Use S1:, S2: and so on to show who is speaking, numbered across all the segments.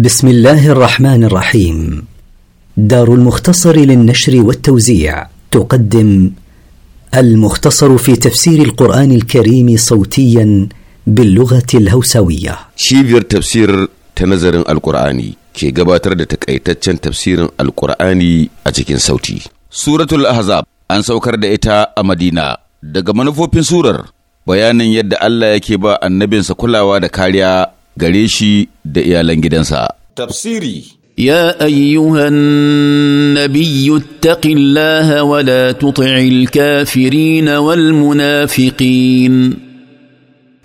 S1: بسم الله الرحمن الرحيم دار المختصر للنشر والتوزيع تقدم المختصر في تفسير القرآن الكريم صوتيا باللغة الهوسوية
S2: شيفير تفسير تنظر القرآني كي قباتر تكأيتتشن تفسير القرآني أجيكين صوتي سورة الأحزاب أن سوكر دائتا أمدينة دقمنفو بن سورر bayanin يد الله يكيبا النبي annabinsa وادا da gare shi da iyalan gidansa. Tafsiri
S1: يا ايها النبي اتق الله ولا تطع الكافرين والمنافقين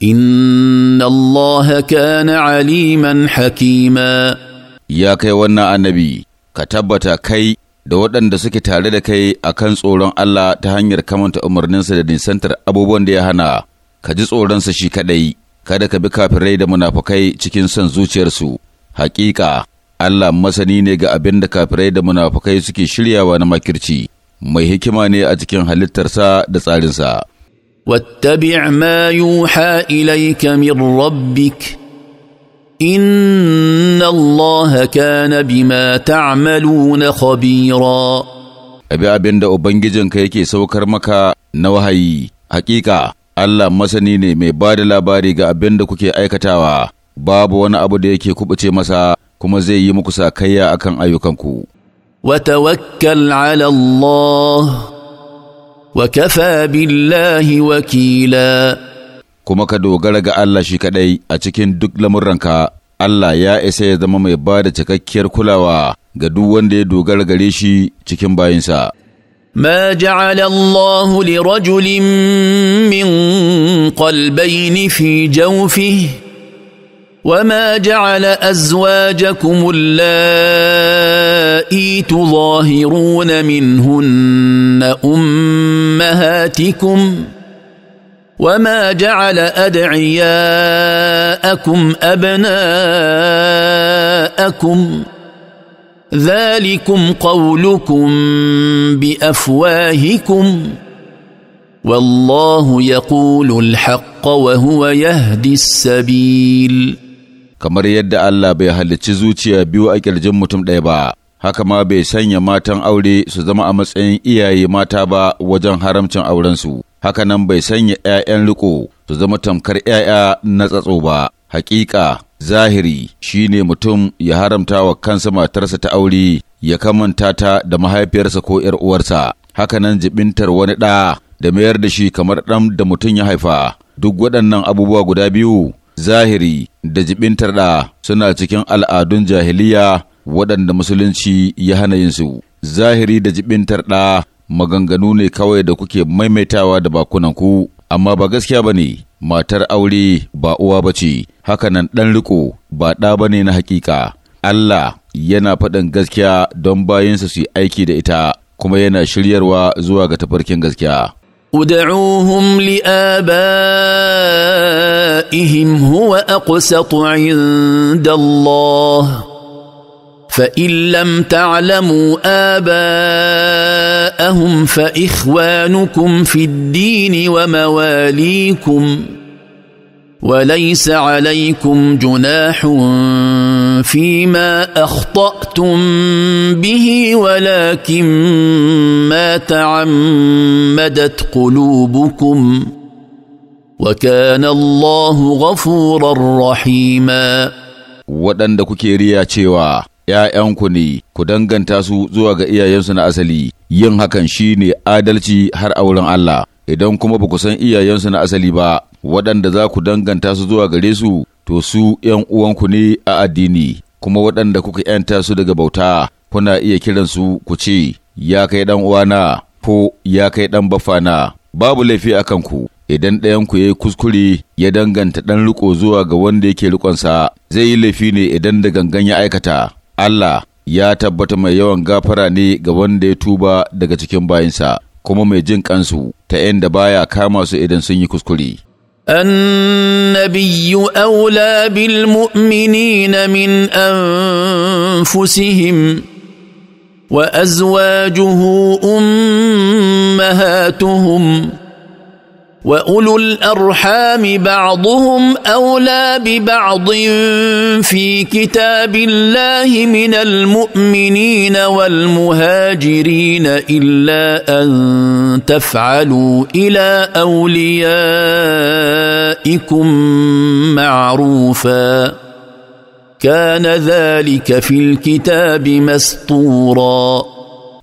S2: ان الله كان عليما حكيما يا kai wannan annabi ka tabbata kai da waɗanda suke tare da kai akan tsoron Allah ta hanyar kamanta umarninsa da nisantar abubuwan da ya hana ka ji tsoronsa shi kaɗai. kada ka bi kafirai da munafukai cikin son zuciyarsu, Haƙiƙa. Allah masani ne ga abin da kafirai da munafukai suke shiryawa na makirci, mai hikima ne a cikin halittarsa da tsarinsa. Wattabi' ma yuha ilayka min rabbik, inna Allah kana bima ta'maluna khabira. Abi abinda da Ubangijinka yake saukar maka na wahayi, hakika. Allah masani ne mai ba da labari ga abin da kuke aikatawa, babu wani abu da yake kubuce masa kuma zai yi muku sakayya akan ayyukanku.
S1: وتوكل على
S2: wa kafa بالله wakila. kuma ka dogara ga Allah shi kaɗai a cikin duk lamuranka Allah ya isa ya zama mai ba da cikakkiyar kulawa ga duk wanda ya dogara gare shi cikin bayinsa.
S1: ما جعل الله لرجل من قلبين في جوفه وما جعل ازواجكم اللائي تظاهرون منهن امهاتكم وما جعل ادعياءكم ابناءكم ذلكم قولكم بافواهكم والله يقول
S2: الحق وهو يهدي السبيل kamar yadda Allah bai halicci zuciya biyu a ƙirjin mutum ɗaya ba haka ma bai sanya matan aure su zama a matsayin iyaye mata ba wajen haramcin aurensu haka nan bai sanya 'ya'yan riko su zama tamkar 'ya'ya na tsatso ba haƙiƙa zahiri shine mutum ya haramta wa kansa matarsa ta aure ya kamanta ta da mahaifiyarsa ko ‘yar uwarsa, hakanan jibintar wani ɗa da mayar da shi kamar ɗan da mutum ya haifa, duk waɗannan abubuwa guda biyu zahiri da jibintar ɗa suna cikin al'adun jahiliya waɗanda musulunci ya hana yin su Zahiri da jibintar ɗa maganganu ne kawai da kuke maimaitawa da bakunanku, amma ba gaskiya ba ne. matar aure ba uwa ba ce, hakanan ɗan riko ba ɗa ba ne na hakika. Allah yana faɗin gaskiya don bayansa su yi aiki da ita kuma yana shiryarwa zuwa ga tafarkin gaskiya.
S1: ادعوهم لآبائهم هو أقسط عند الله فان لم تعلموا اباءهم فاخوانكم في الدين ومواليكم وليس عليكم جناح فيما اخطاتم به ولكن ما تعمدت قلوبكم
S2: وكان الله غفورا رحيما waɗanda kuke riya cewa ‘ya'yanku ne, ku danganta su zuwa ga iyayensu na asali, yin hakan shi ne adalci har a wurin Allah, idan kuma ba ku san iyayensu na asali ba, waɗanda za ku danganta su zuwa gare su, to su ‘yan uwanku ne a addini, kuma waɗanda kuka ‘yanta su daga bauta, kuna iya kiransu ku ce, Ya kai ɗan uwana, ko ya kai ɗan bafana, babu laifi a kanku. idan ɗayanku ya yi kuskure ya danganta ɗan riƙo zuwa ga wanda yake riƙonsa, zai yi laifi ne idan da gangan ya aikata Allah ya tabbata mai yawan gafara ne ga wanda ya tuba daga cikin bayinsa, kuma mai jin kansu ta yadda baya kama su idan sun yi kuskure.
S1: النبي اولى بالمؤمنين من انفسهم وازواجه امهاتهم واولو الارحام بعضهم اولى ببعض في كتاب الله من المؤمنين والمهاجرين الا ان تفعلوا الى اوليائكم معروفا كان
S2: ذلك في الكتاب مسطورا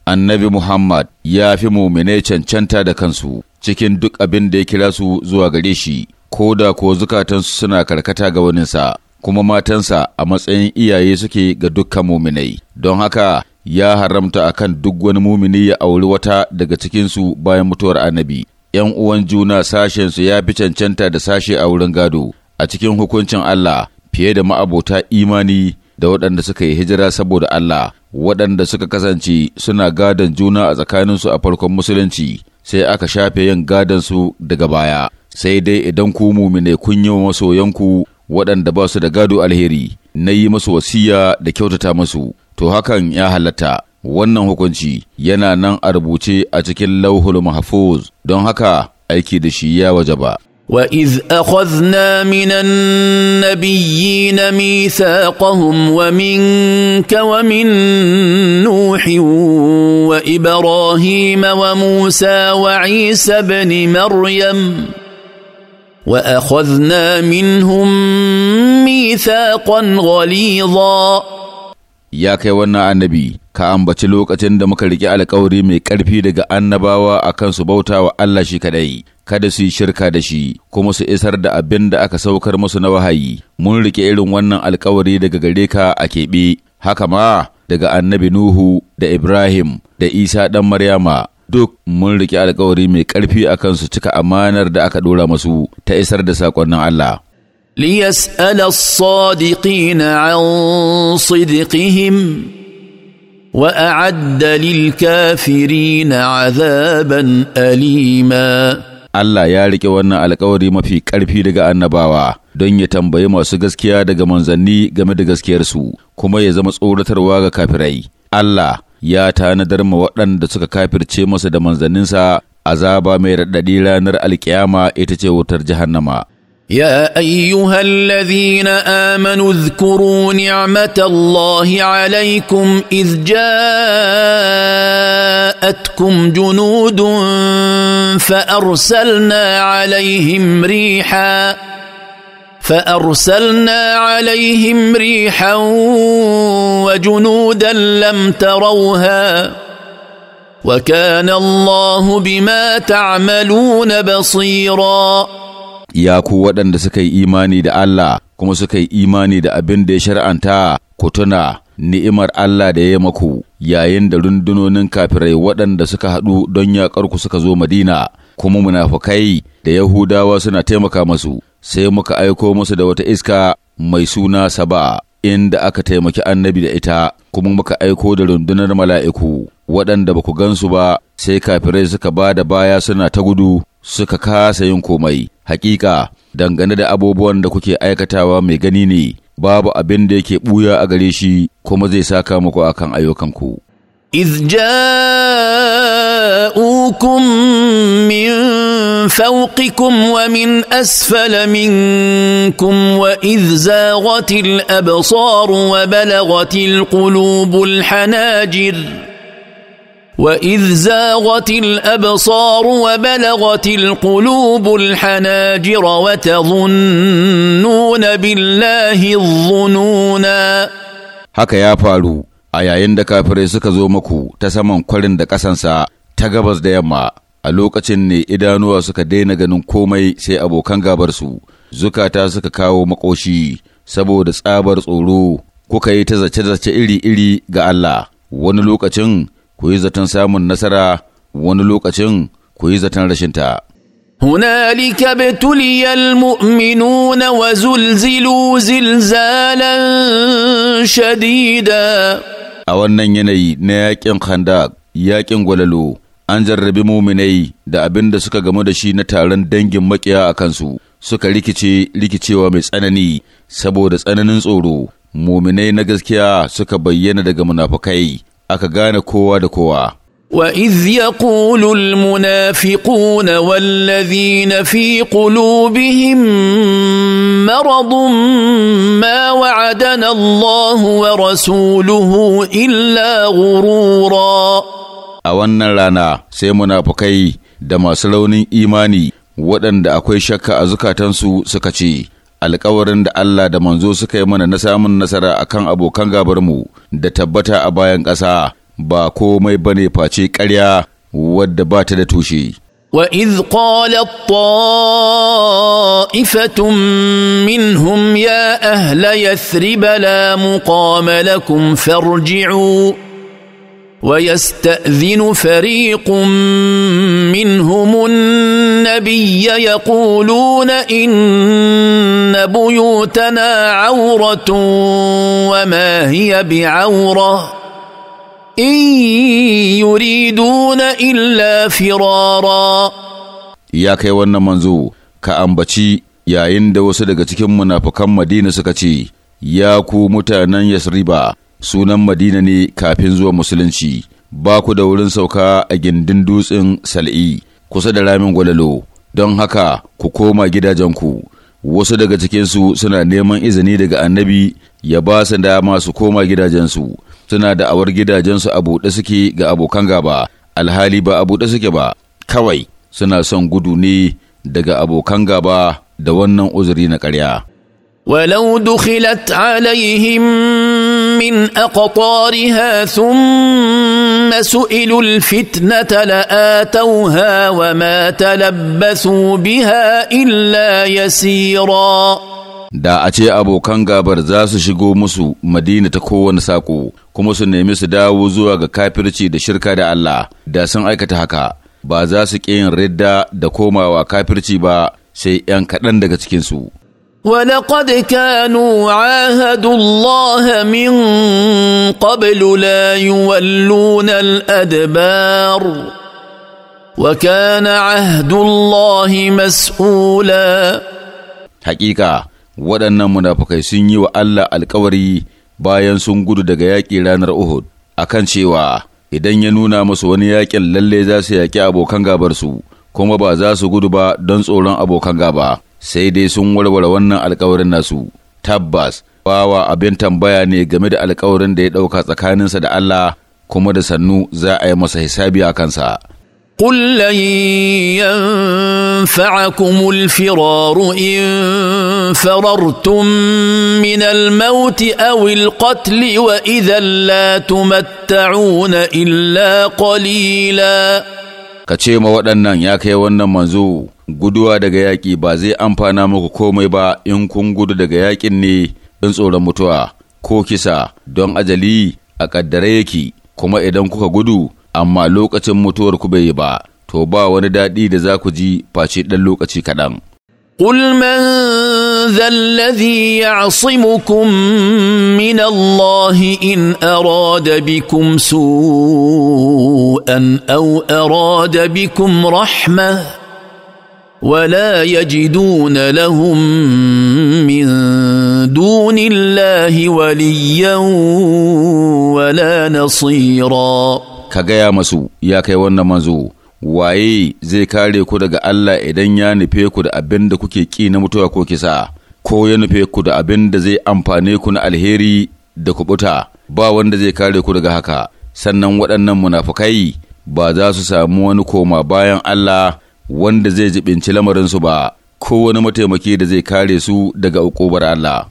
S2: النبي محمد يا في مؤمنين چنچنتا دكنسو cikin duk abin da ya kira su zuwa gare shi, ko da ko zukatansu suna karkata ga waninsa, kuma matansa a matsayin iyaye suke ga dukkan muminai. Don haka ya haramta a kan duk wani mumini ya auri wata daga cikinsu bayan mutuwar annabi. ‘Yan uwan juna sashensu ya fi cancanta da sashe a wurin gado, a cikin hukuncin Allah fiye da ma'abota imani da waɗanda suka yi hijira saboda Allah, waɗanda suka kasance suna gadon juna a tsakaninsu a farkon musulunci. sai aka shafe yin gadonsu daga baya, sai dai idan ku mumine kun yi wa masoyanku waɗanda ba su da gado alheri, na yi masu wasiya da kyautata masu, to hakan ya halatta. Wannan hukunci yana nan a rubuce a cikin lauhul mahfuz don haka aiki da shi ya waje ba. واذ
S1: اخذنا من النبيين ميثاقهم ومنك ومن نوح وابراهيم وموسى وعيسى ابن مريم
S2: واخذنا منهم ميثاقا غليظا يا كيوانا النبي ka ambaci lokacin da muka riƙe alkawari mai ƙarfi daga annabawa a kan su bauta wa Allah shi kaɗai, kada su yi shirka da shi, kuma su isar da abin da aka saukar musu na wahayi, mun riƙe irin wannan alkawari daga gare ka a keɓe, haka ma daga annabi Nuhu da Ibrahim da Isa ɗan Maryama. Duk mun riƙe alkawari mai ƙarfi a kan su cika amanar da aka ɗora masu ta isar da saƙonnin Allah.
S1: ليسأل الصادقين عن صدقهم واعد للكافرين
S2: عذابا اليما Allah ya rike wannan alƙawari mafi ƙarfi daga annabawa don ya tambayi masu gaskiya daga manzanni game da gaskiyarsu kuma ya zama tsoratarwa ga kafirai. Allah ya tanadar ma waɗanda suka kafirce masa da manzanninsa azaba mai raɗaɗi ranar alƙiyama, ita ce wutar jahannama.
S1: يا ايها الذين امنوا اذكروا نعمه الله عليكم اذ جاءتكم جنود فارسلنا عليهم ريحا فارسلنا عليهم ريحا وجنودا لم تروها وكان الله بما تعملون بصيراً
S2: ya ku waɗanda suka yi imani da Allah kuma suka yi imani da abin da ya shar'anta ku tuna ni'imar Allah da ya maku yayin da rundunonin kafirai waɗanda suka haɗu don yaƙar ku suka zo Madina kuma munafukai da Yahudawa suna taimaka masu sai muka aiko musu da wata iska mai suna Saba inda aka taimaki annabi da ita kuma muka aiko da rundunar mala'iku waɗanda ba ku gansu ba sai kafirai suka ba da baya suna ta gudu suka kasa yin komai hakika dangane da abubuwan da kuke aikatawa mai gani ne babu abin da yake buya a gare shi kuma zai saka muku akan ayyukanku
S1: إذ جاءوكم من فوقكم ومن أسفل منكم وإذ زاغت الأبصار وبلغت القلوب hanajir. واذ زاغت الابصار وبلغت القلوب الحناجر وتظنون بالله الظنونا
S2: haka ya faru a yayin da kafirai suka zo maku ta saman kwarin da ƙasansa ta gabas da yamma a lokacin ne idanuwa suka daina ganin komai sai abokan gabarsu zukata suka kawo makoshi saboda tsabar tsoro kuka yi ta zace-zace iri-iri ga Allah wani lokacin ku yi zaton samun nasara wani lokacin ku yi zaton rashinta.
S1: هنالك na المؤمنون وزلزلوا زلزالا شديدا
S2: a wannan yanayi na yaƙin Kanda yaƙin gwalalo an jarrabi muminai da abin da suka gamu da shi na taron dangin makiya a kansu suka rikice rikicewa mai tsanani saboda tsananin tsoro muminai na gaskiya suka bayyana daga munafukai Aka gane kowa da kowa.
S1: Wa'izye Kulun munafuƙu na wallazi na fi ƙulu bihin maraɗumma wa "Caddanallahu wa Rasuluhu" illa wurura.
S2: A wannan rana, sai munafukai da masu launin imani waɗanda akwai shakka a zukatansu suka ce. alkawarin da Allah da manzo suka yi mana na samun nasara akan abokan gabarmu da tabbata a bayan ƙasa ba komai bane face ƙarya wadda ba ta da tushe.
S1: واذ قالت طائفه منهم يا اهل يثرب لا مقام لكم فارجعوا ويستاذن فريق منهم النبي يقولون ان بيوتنا عوره وما هي بعوره ان يريدون الا فرارا
S2: يا kai wannan manzo ka ambaci yayin da wasu daga cikin munafukan madina suka ce ya ku mutanen yasriba sunan Madina ne kafin zuwa Musulunci, ba ku da wurin sauka a gindin dutsen Sal'i kusa da ramin gwalalo, don haka ku koma gidajenku. Wasu daga cikinsu suna neman izini daga annabi ya ba su dama su koma gidajensu, suna da awar gidajensu a buɗe suke ga abokan gaba, alhali ba a buɗe suke ba, kawai suna son gudu ne daga abokan gaba da wannan uzuri na ƙarya.
S1: ولو دخلت عليهم من اقطارها ثم سئلوا الفتنه لاتوها وما تلبثوا بها illa يسيرا
S2: da a ce abokan gabar za su shigo musu madina ta kowane saƙo kuma su nemi su dawo zuwa ga kafirci da shirka da Allah da sun aikata haka ba za su ƙi yin ridda da komawa kafirci ba sai ‘yan kaɗan daga cikinsu.
S1: ولقد كانوا عاهدوا الله من قبل لا يولون الادبار
S2: وكان عهد الله مسؤولا حقيقه waɗannan munafukai sun yi wa Allah alkawari bayan sun gudu daga yaƙi ranar Uhud akan cewa idan ya nuna musu wani yaƙin lalle za su yaƙi abokan gabarsu kuma ba za su gudu ba don tsoron abokan gaba sai dai sun warware wannan alkawarin nasu tabbas bawa abin tambaya ne game da alkawarin da ya ɗauka tsakaninsa da Allah kuma da sannu za a yi masa hisabi a kansa.
S1: قل لن ينفعكم الفرار mauti فررتم من الموت او القتل واذا لا تمتعون الا قليلا
S2: ka ce ma waɗannan ya kai wannan manzo guduwa daga yaƙi ba zai amfana muku komai ba in kun gudu daga yaƙin ne don tsoron mutuwa ko kisa don ajali a ƙaddare yake kuma idan kuka gudu amma lokacin mutuwar ku bai yi ba to ba wani daɗi da za ku ji face ɗan lokaci kaɗan.
S1: قل من ذا الذي يعصمكم من الله ان اراد بكم سوءا او اراد بكم رحمه ولا يجدون لهم من دون الله وليا
S2: ولا نصيرا كغايا مسو يا كاي wannan manzo waye zai kare ku daga Allah idan ya nufe ku da abin da kuke ki na mutuwa ko kisa ko ya nufe ku da abin da zai amfane ku na alheri da kubuta ba wanda zai kare ku daga haka sannan waɗannan munafukai ba za su samu wani koma bayan Allah wanda zai jibinci lamarinsu ba, ko wani mataimaki da zai kare su daga ukubar Allah.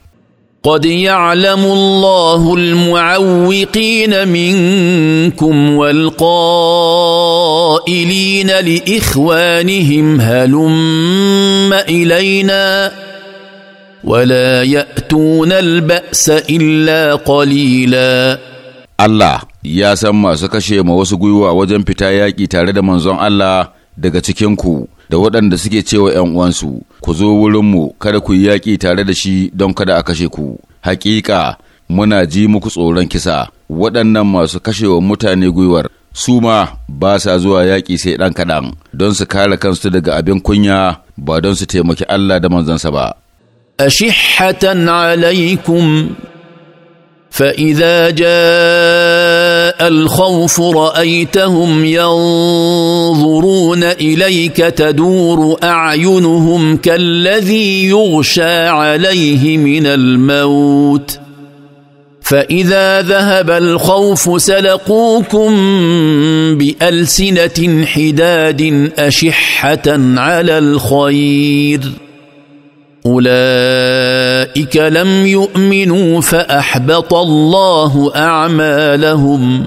S1: Qad ya alamu
S2: Allah
S1: al’amu’awwiƙin minkum walƙa’ilina li’ikwanihim halun ma’ilaina,
S2: wala ya tuna albasa illa ƙalila. Allah ya san masu kashe ma wasu gwiwa wajen fita yaƙi tare da manzon Allah, daga cikinku da waɗanda suke cewa ‘yan uwansu, ku zo wurinmu kada ku yi yaƙi tare da shi don kada a kashe ku. Hakika muna ji muku tsoron kisa, waɗannan masu kashewa mutane gwiwar su ma ba sa zuwa yaƙi sai ɗan kaɗan don su kare kansu daga abin kunya ba don su taimaki Allah da manzansa ba.
S1: فاذا جاء الخوف رايتهم ينظرون اليك تدور اعينهم كالذي يغشى عليه من الموت فاذا ذهب الخوف سلقوكم بالسنه حداد اشحه على الخير اولئك لم يؤمنوا فاحبط الله اعمالهم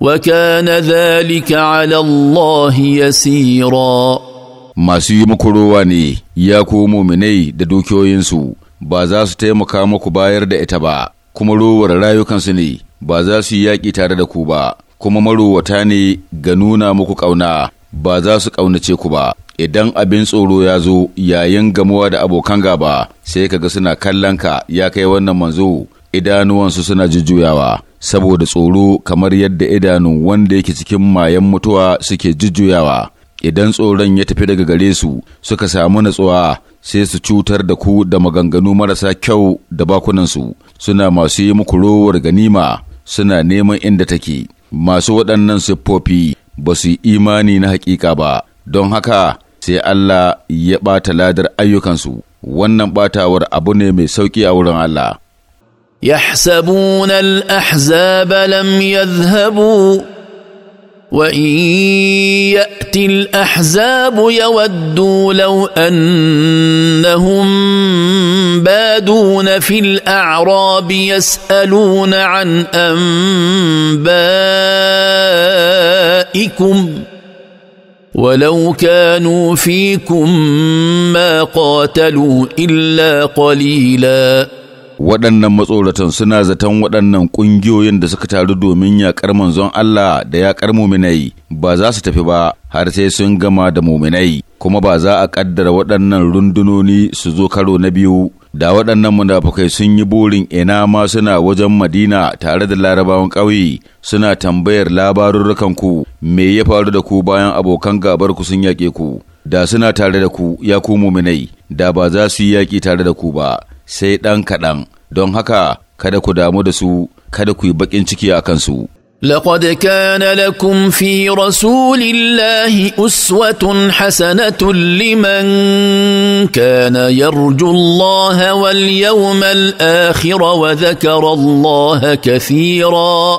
S1: وكان ذلك على
S2: الله يسيرا masu yi muku ruwa ne ya ku muminai da dukiyoyinsu ba za su taimaka muku bayar da ita ba kuma rowar rayukansu ne ba za su yi yaƙi tare da ku ba kuma marowata ne ga nuna muku ƙauna ba za su ƙaunace ku ba idan abin tsoro ya zo yayin gamuwa da abokan gaba sai kaga suna kallon ka ya kai wannan manzo idanuwansu suna jujjuyawa saboda tsoro kamar yadda idanu wanda yake cikin mayan mutuwa suke jujjuyawa idan tsoron ya tafi daga gare su suka samu natsuwa sai su cutar da ku da maganganu marasa kyau da bakunansu suna masu yi muku rowar ganima suna neman inda take masu waɗannan siffofi ba su yi imani na hakika ba don haka sai Allah ya ɓata ladar ayyukansu, wannan ɓatawar abu ne mai sauƙi a wurin Allah.
S1: يحسبون الأحزاب لم يذهبوا وإن يأتي الأحزاب يودوا لو أنهم بادون في الأعراب يسألون عن أنبائكم ۖ ولو كانوا فيكم ما قاتلوا
S2: إلا قليلا waɗannan matsoratan suna zaton waɗannan ƙungiyoyin da suka taru domin yaƙar manzon Allah da yaƙar muminai ba za su tafi ba har sai sun gama da muminai kuma ba za a ƙaddara waɗannan rundunoni su zo karo na biyu da waɗannan munafukai sun yi burin ina ma suna wajen madina tare da larabawan ƙauye suna tambayar labarurrukan ku me ya faru da ku bayan abokan gabar ku sun yaƙe ku da suna tare da ku ya ku muminai da ba za su yi yaƙi tare da ku ba sai ɗan kaɗan don haka kada ku damu da su kada ku yi baƙin ciki a kansu
S1: لقد كان لكم في رسول الله اسوه حسنه لمن كان يرجو الله واليوم الاخر وذكر الله كثيرا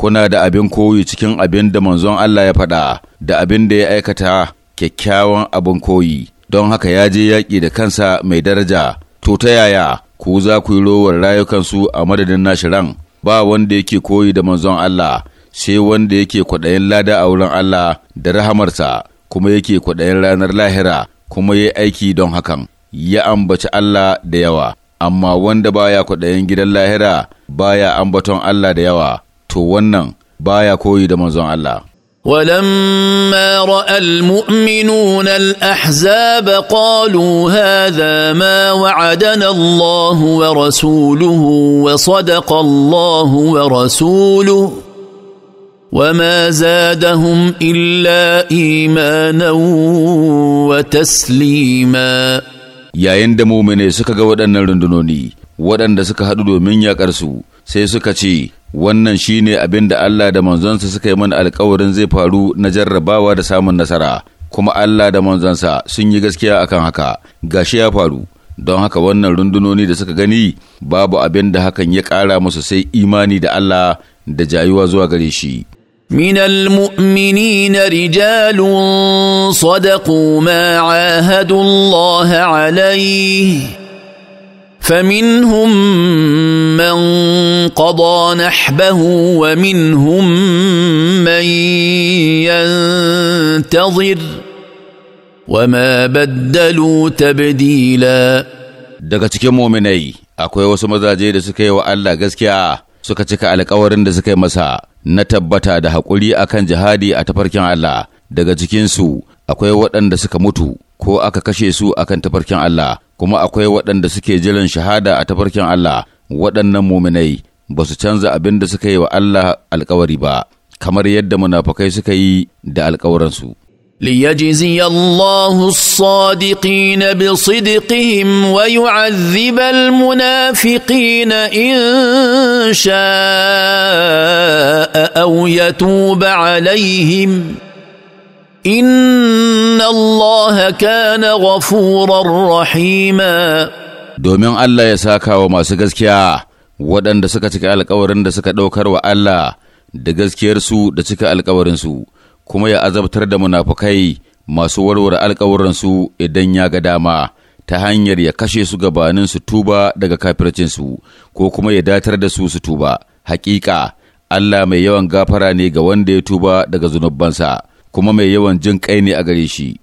S2: kuna da abin koyi cikin abin da manzon Allah ya faɗa da abin da ya aikata kyakkyawan abin koyi don haka ya je yaƙi da kansa mai daraja to ta yaya ku za ku yi rowar rayukansu a madadin nashi ran ba wanda yake koyi da manzon Allah sai wanda yake kwaɗayin lada a wurin Allah da rahamarsa kuma yake kwaɗayin ranar lahira kuma ya aiki don hakan ya ambaci Allah da yawa amma wanda baya kwaɗayin gidan lahira baya ambaton Allah da yawa to wannan baya koyi da manzon Allah
S1: ولما راى المؤمنون الاحزاب قالوا هذا ما وعدنا الله ورسوله وصدق الله ورسوله وما زادهم
S2: الا ايمانا وتسليما يا عند muminai suka ga waɗannan rundunoni waɗanda suka من يا كرسو sai suka wannan shine abin da Allah da manzonsa suka yi mana alkawarin zai faru na jarrabawa da samun nasara kuma Allah da manzonsa sun yi gaskiya akan haka gashi ya faru don haka wannan rundunoni da suka gani babu abin da hakan ya ƙara musu sai imani da Allah da jayuwa zuwa gare shi
S1: من المؤمنين رجال صدقوا ما عاهدوا الله عليه فمنهم من قضى نحبه ومنهم من
S2: ينتظر وما بدلوا تبديلا daga cikin muminai akwai wasu mazaje da suka yi wa Allah gaskiya suka cika alkawarin da suka yi masa na tabbata da haƙuri akan jihadi a tafarkin Allah daga cikinsu akwai waɗanda suka mutu ko aka kashe su akan tafarkin Allah kuma akwai waɗanda suke jiran shahada a tafarkin Allah waɗannan muminai ba su canza abin da suka yi wa Allah alkawari ba, kamar yadda munafakai suka yi da alkawaransu.
S1: ليجزي الله الصادقين بصدقهم ويعذب المنافقين ان شاء او يتوب عليهم
S2: ان الله كان غفورا رحيما domin Allah ya saka wa masu gaskiya waɗanda suka cika alkawarin da suka ɗaukar wa Allah da gaskiyarsu da cika alkawarinsu, kuma ya azabtar da munafukai masu warware alkawarinsu idan ya ga dama, ta hanyar ya kashe su gabanin su tuba daga kafircinsu, ko kuma ya datar da su su tuba. Hakika, Allah mai yawan gafara ne ga wanda ya tuba daga zunubansa, kuma mai yawan jin kai ne a gare shi.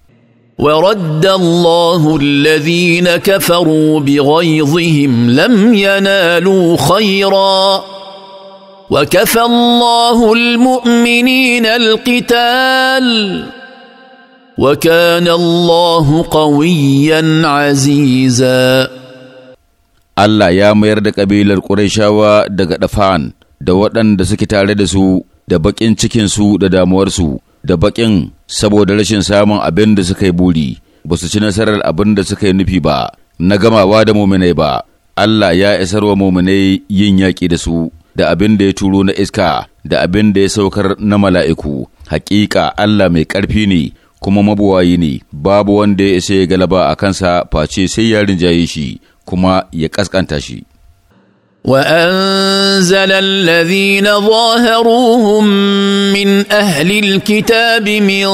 S1: ورد الله الذين كفروا بغيظهم لم ينالوا خيرا وكفى الله المؤمنين القتال
S2: وكان الله قويا عزيزا الله يا مير دك أبيل القريشة دفان دوات أن دسكت على دسو دبك إن سو دامورسو da bakin saboda rashin samun abin da suka yi buri ba su ci nasarar abin da suka yi nufi ba na gamawa da muminai ba Allah ya isar wa muminai yin yaƙi da su da abin da ya turo na iska da abin da ya saukar na mala'iku hakika Allah mai ƙarfi ne kuma mabuwayi ne babu wanda ya isa ya galaba a kansa face sai ya rinjaye shi kuma ya ƙasƙanta shi
S1: وانزل الذين ظاهروهم من اهل الكتاب من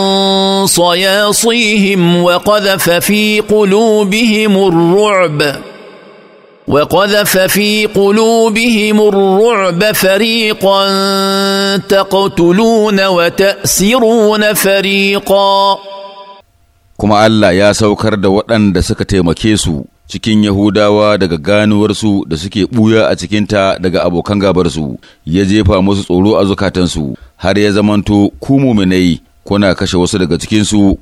S1: صياصيهم وقذف في قلوبهم الرعب وقذف في قلوبهم الرعب فريقا تقتلون وتاسرون فريقا
S2: كما ألا يا سوكر da دسكتي مكيسو cikin Yahudawa daga ganuwarsu da suke ɓuya a cikinta daga abokan gabarsu, ya jefa musu tsoro a zukatansu, har ya zamanto ku muminai kuna kashe wasu daga cikinsu.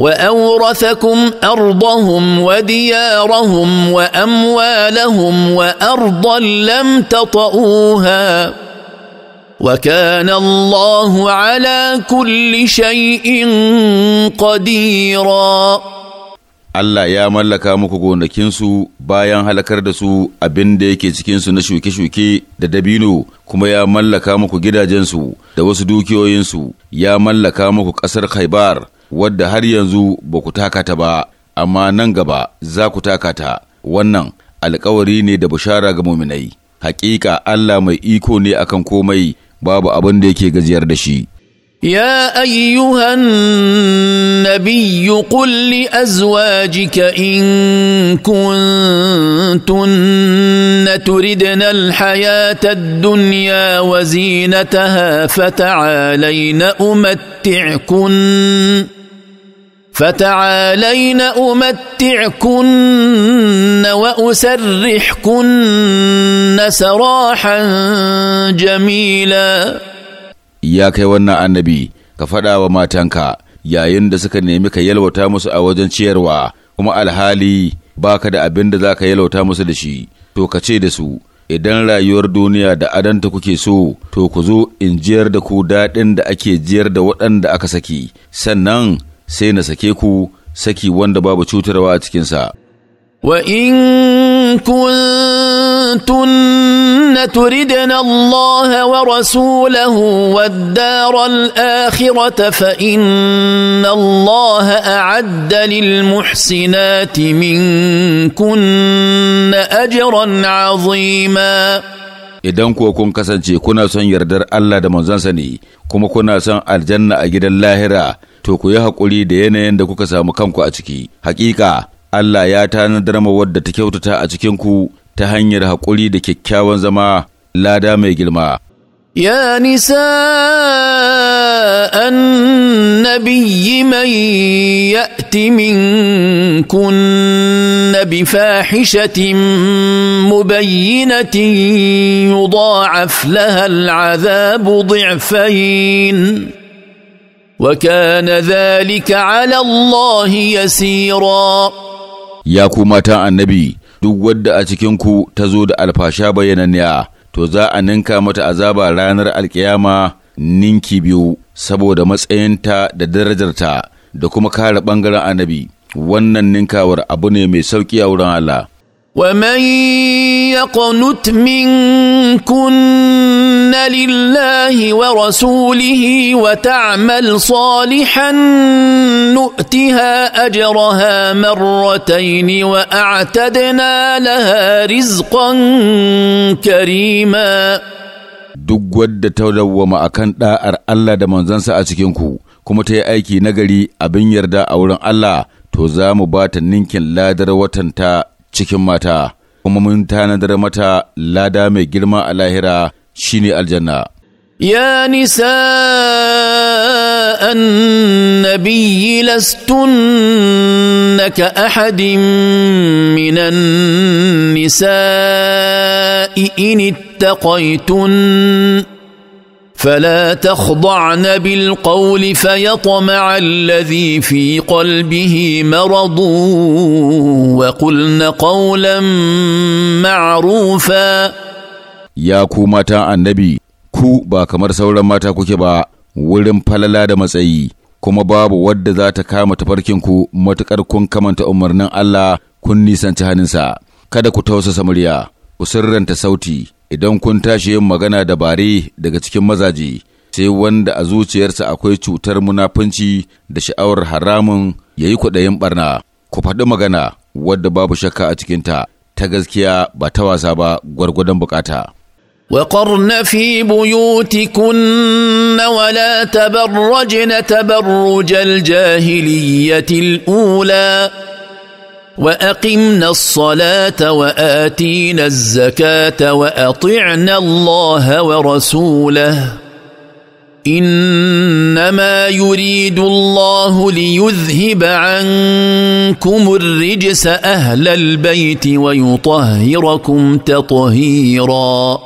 S1: وأورثكم أرضهم وديارهم وأموالهم وأرضا لم تطئوها وكان الله على كل شيء قديراً
S2: Allah ya mallaka muku gonakinsu bayan halakar da su abin da yake cikinsu na shuke-shuke da dabino, kuma ya mallaka muku gidajensu da wasu dukiyoyinsu, ya mallaka muku ƙasar Khaibar, wadda har yanzu ba ku takata ba, amma nan gaba za ku takata, wannan alkawari ne da bushara ga muminai. Hakika Allah mai iko ne akan komai, babu abin da yake gajiyar da shi.
S1: يا ايها النبي قل لازواجك ان كنتن تردن الحياه الدنيا وزينتها فتعالين امتعكن فتعالين امتعكن واسرحكن سراحا جميلا
S2: ya kai wannan annabi ka faɗa wa matanka yayin da suka nemi ka yalwata musu a wajen ciyarwa kuma alhali baka da abin da za ka yalwata musu da shi to ka ce da su idan rayuwar duniya da adanta kuke so to ku zo in jiyar da ku daɗin da ake jiyar da waɗanda aka saki sannan sai na sake ku saki wanda babu cutarwa a cikinsa
S1: وان كنتن تردن الله ورسوله والدار الاخره فان الله اعد للمحسنات منكن اجرا عظيما
S2: idan kuwa kun kasance kuna son yardar Allah da manzansa ne kuma kuna son aljanna a gidan lahira to ku yi haƙuri da yanayin da kuka samu kanku a ciki haƙiƙa Allah ya tanadar mu wadda ta kyautata a cikin ku ta hanyar haƙuri da kyakkyawan zama lada mai girma.
S1: يا نساء النبي من يات منكن بفاحشه مبينه يضاعف لها العذاب ضعفين وكان ذلك على الله يسيرا
S2: ya ku mata annabi duk wadda a cikinku ta zo da alfasha ya, to za a ninka mata azaba ranar alkiyama ninki biyu saboda matsayinta da darajarta da kuma kare ɓangaren annabi wannan ninkawar abu ne mai sauƙi a wurin Allah
S1: ومن يقنت منكن لله ورسوله وتعمل صالحا نؤتها اجرها مرتين
S2: واعتدنا لها رزقا كريما duk wadda ta dawwama kan ɗa'ar Allah da manzansa a cikinku kuma ta yi aiki nagari abin yarda a wurin Allah to za mu ba ta ninkin ladar watanta cikin mata, kuma mun tanadar mata lada mai girma a lahira shi ne aljanna. Ya nisa an
S1: nabi ka ahadin minan nisa’i’in taƙaitun. فلا تخضعن بالقول فيطمع الذي في قلبه مرض وقلن قولا معروفا
S2: يا ku mata annabi ku ba kamar sauran mata kuke ba wurin falala da matsayi kuma babu wadda za ta kama tafarkinku matuƙar kun kamanta umarnin Allah kun nisanci haninsa kada ku tausasa murya ku sirranta sauti idan kun tashi yin magana da bare daga cikin mazaje sai wanda a zuciyarsa akwai cutar munafunci da sha'awar haramun ya yi kwaɗayin barna ku faɗi magana wadda babu shakka a cikinta ta gaskiya ba ta wasa ba gwargwadon bukata.
S1: وقرن في بيوتكن ولا تبرجن تبرج الجاهلية الأولى واقمنا الصلاه واتينا الزكاه واطعنا الله ورسوله انما يريد الله ليذهب عنكم الرجس اهل
S2: البيت ويطهركم تطهيرا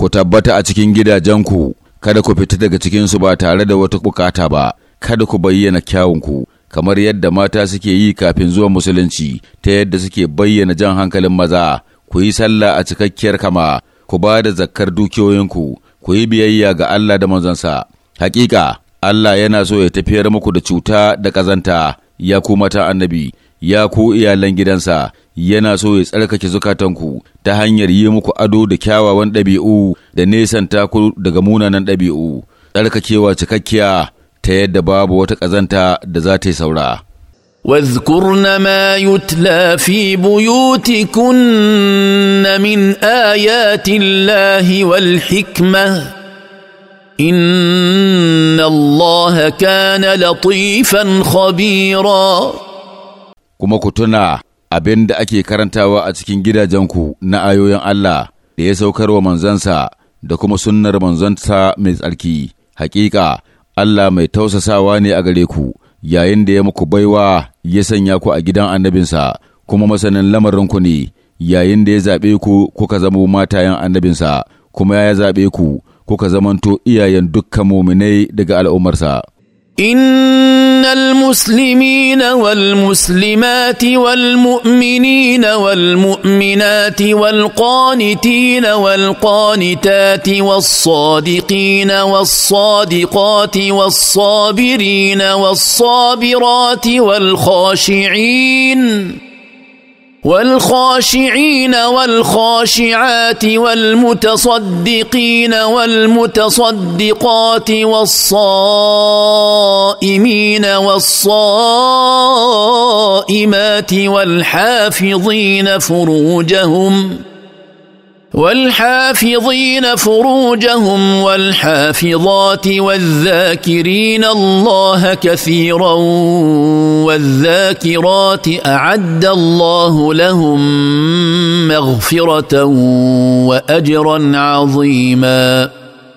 S2: كتبت اتكين جدا جنكو كدكو بتدك اتكين fita daga cikinsu ba كدكو بيينا كاونكو kamar yadda mata suke yi kafin zuwa musulunci ta yadda suke bayyana jan hankalin maza ku yi sallah a cikakkiyar kama ku ba da zakkar dukiyoyinku ku yi biyayya ga Allah da manzansa hakika Allah yana so ya tafiyar muku da cuta da ƙazanta ya ku mata annabi ya ku iyalan gidansa yana so ya tsarkake zukatanku ta hanyar yi muku ado da kyawawan ɗabi'u da nesanta ku daga munanan ɗabi'u tsarkakewa cikakkiya ta yadda babu wata ƙazanta da za ta yi saura.
S1: واذكرن ما يتلى في بيوتكن من ايات الله والحكمه ان الله كان لطيفا
S2: kuma ku tuna abin da ake karantawa a cikin gidajenku na ayoyin Allah da ya saukar wa manzansa da kuma sunnar manzansa mai tsarki hakika Allah mai tausasawa ne a gare ku, yayin da ya muku baiwa ya sanya ku a gidan annabinsa, kuma masanin lamarinku ne, yayin da ya zaɓe ku kuka zama matayen annabinsa, kuma ya zaɓe ku kuka zamanto iyayen dukkan muminai daga al'ummarsa.
S1: ان المسلمين والمسلمات والمؤمنين والمؤمنات والقانتين والقانتات والصادقين والصادقات والصابرين والصابرات والخاشعين والخاشعين والخاشعات والمتصدقين والمتصدقات والصائمين والصائمات والحافظين فروجهم والحافظين فروجهم والحافظات والذاكرين الله كثيرا والذاكرات اعد الله
S2: لهم مغفره واجرا عظيما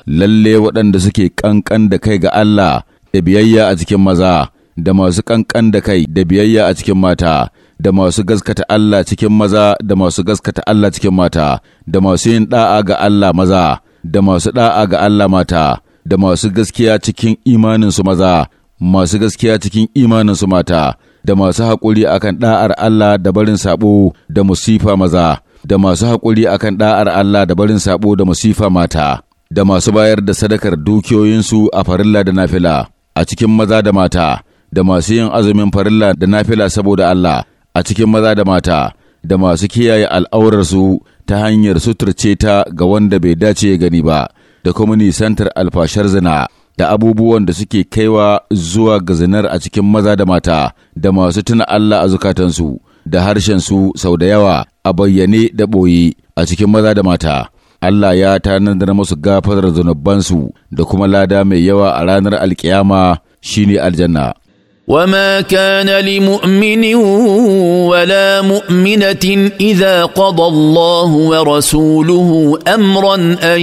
S2: lalle waɗanda suke ƙanƙan da kai ga Allah da biyayya a cikin maza da masu ƙanƙan da kai da biyayya a cikin mata da masu gaskata Allah cikin maza da masu gaskata Allah cikin mata, da masu yin ɗa'a ga Allah maza, da masu ɗa'a ga Allah mata, da masu gaskiya cikin imaninsu maza, masu gaskiya cikin imaninsu mata, da masu haƙuri akan ɗa'ar Allah da barin saɓo da musifa maza, da masu haƙuri akan ɗa'ar Allah da barin saɓo da musifa mata, da masu bayar da sadakar dukiyoyinsu a farilla da nafila, a cikin maza da mata, da masu yin azumin farilla da nafila saboda Allah. a cikin maza da mata da masu kiyaye al'aurarsu ta hanyar suturce ta ga wanda bai dace gani ba da kuma nisantar alfashar zina da abubuwan da suke kaiwa zuwa ga zinar a cikin maza da mata da masu tuna Allah a zukatansu da harshensu sau da yawa a bayyane da ɓoye a cikin maza da mata. Allah ya tanadar musu gafarar zunubansu da kuma lada mai yawa a ranar alkiyama shine aljanna.
S1: وما كان لمؤمن ولا مؤمنه اذا قضى الله ورسوله امرا ان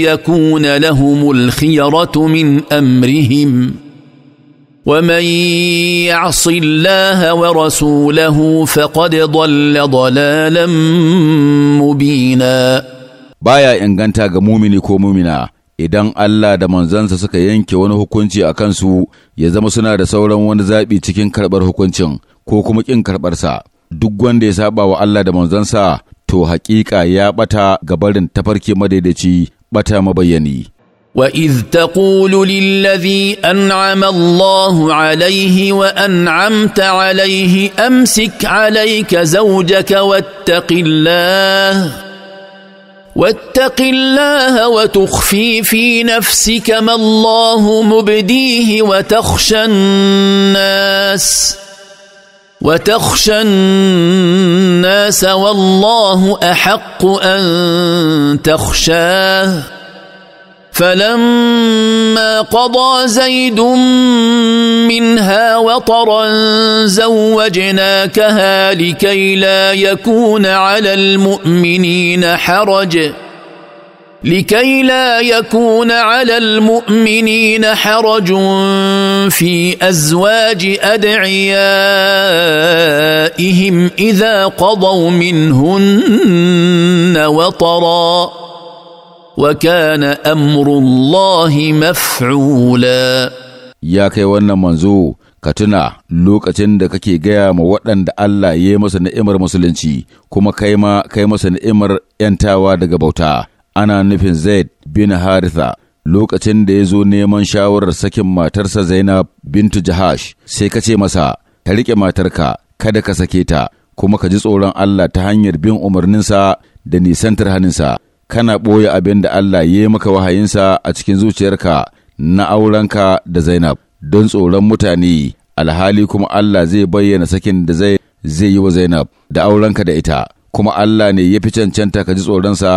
S1: يكون لهم الخيره من امرهم ومن يعص الله ورسوله فقد ضل
S2: ضلالا مبينا بايا إن كانت mumini ko اذا الله Allah زنسا سكا ينكي yanke wani ya zama suna da sauran wani zaɓi cikin karɓar hukuncin ko kuma ƙin karɓarsa duk wanda ya saba wa Allah da manzansa to haƙiƙa ya ɓata gabarin tafarki madaidaici ɓata mabayani.
S1: واذ تقول للذي انعم الله عليه وانعمت عليه امسك عليك زوجك واتق الله واتق الله وتخفي في نفسك ما الله مبديه وتخشى الناس وتخشى الناس والله احق ان تخشاه فلما قضى زيد منها وطرا زوجناكها لكي لا يكون على المؤمنين حرج لكي لا يكون على المؤمنين حرج في ازواج ادعيائهم اذا قضوا منهن وطرا
S2: وكان أمر الله مفعولا يا كي wannan manzo ka tuna lokacin da kake gaya ma waɗanda Allah ya yi masa ni'imar musulunci kuma kai kai masa ni'imar ‘yantawa daga bauta ana nufin Zaid bin Haritha lokacin da ya zo neman shawarar sakin matarsa Zainab bintu Jahash sai ka ce masa ka riƙe matarka kada ka sake ta kuma ka ji tsoron Allah ta hanyar bin umarninsa da nisantar haninsa kana ɓoye abin da Allah ya yi maka wahayinsa a cikin zuciyarka na aurenka da Zainab don tsoron mutane alhali kuma Allah zai bayyana sakin da zai zai yi wa Zainab da aurenka da ita kuma Allah ne ya fi cancanta ka ji tsoronsa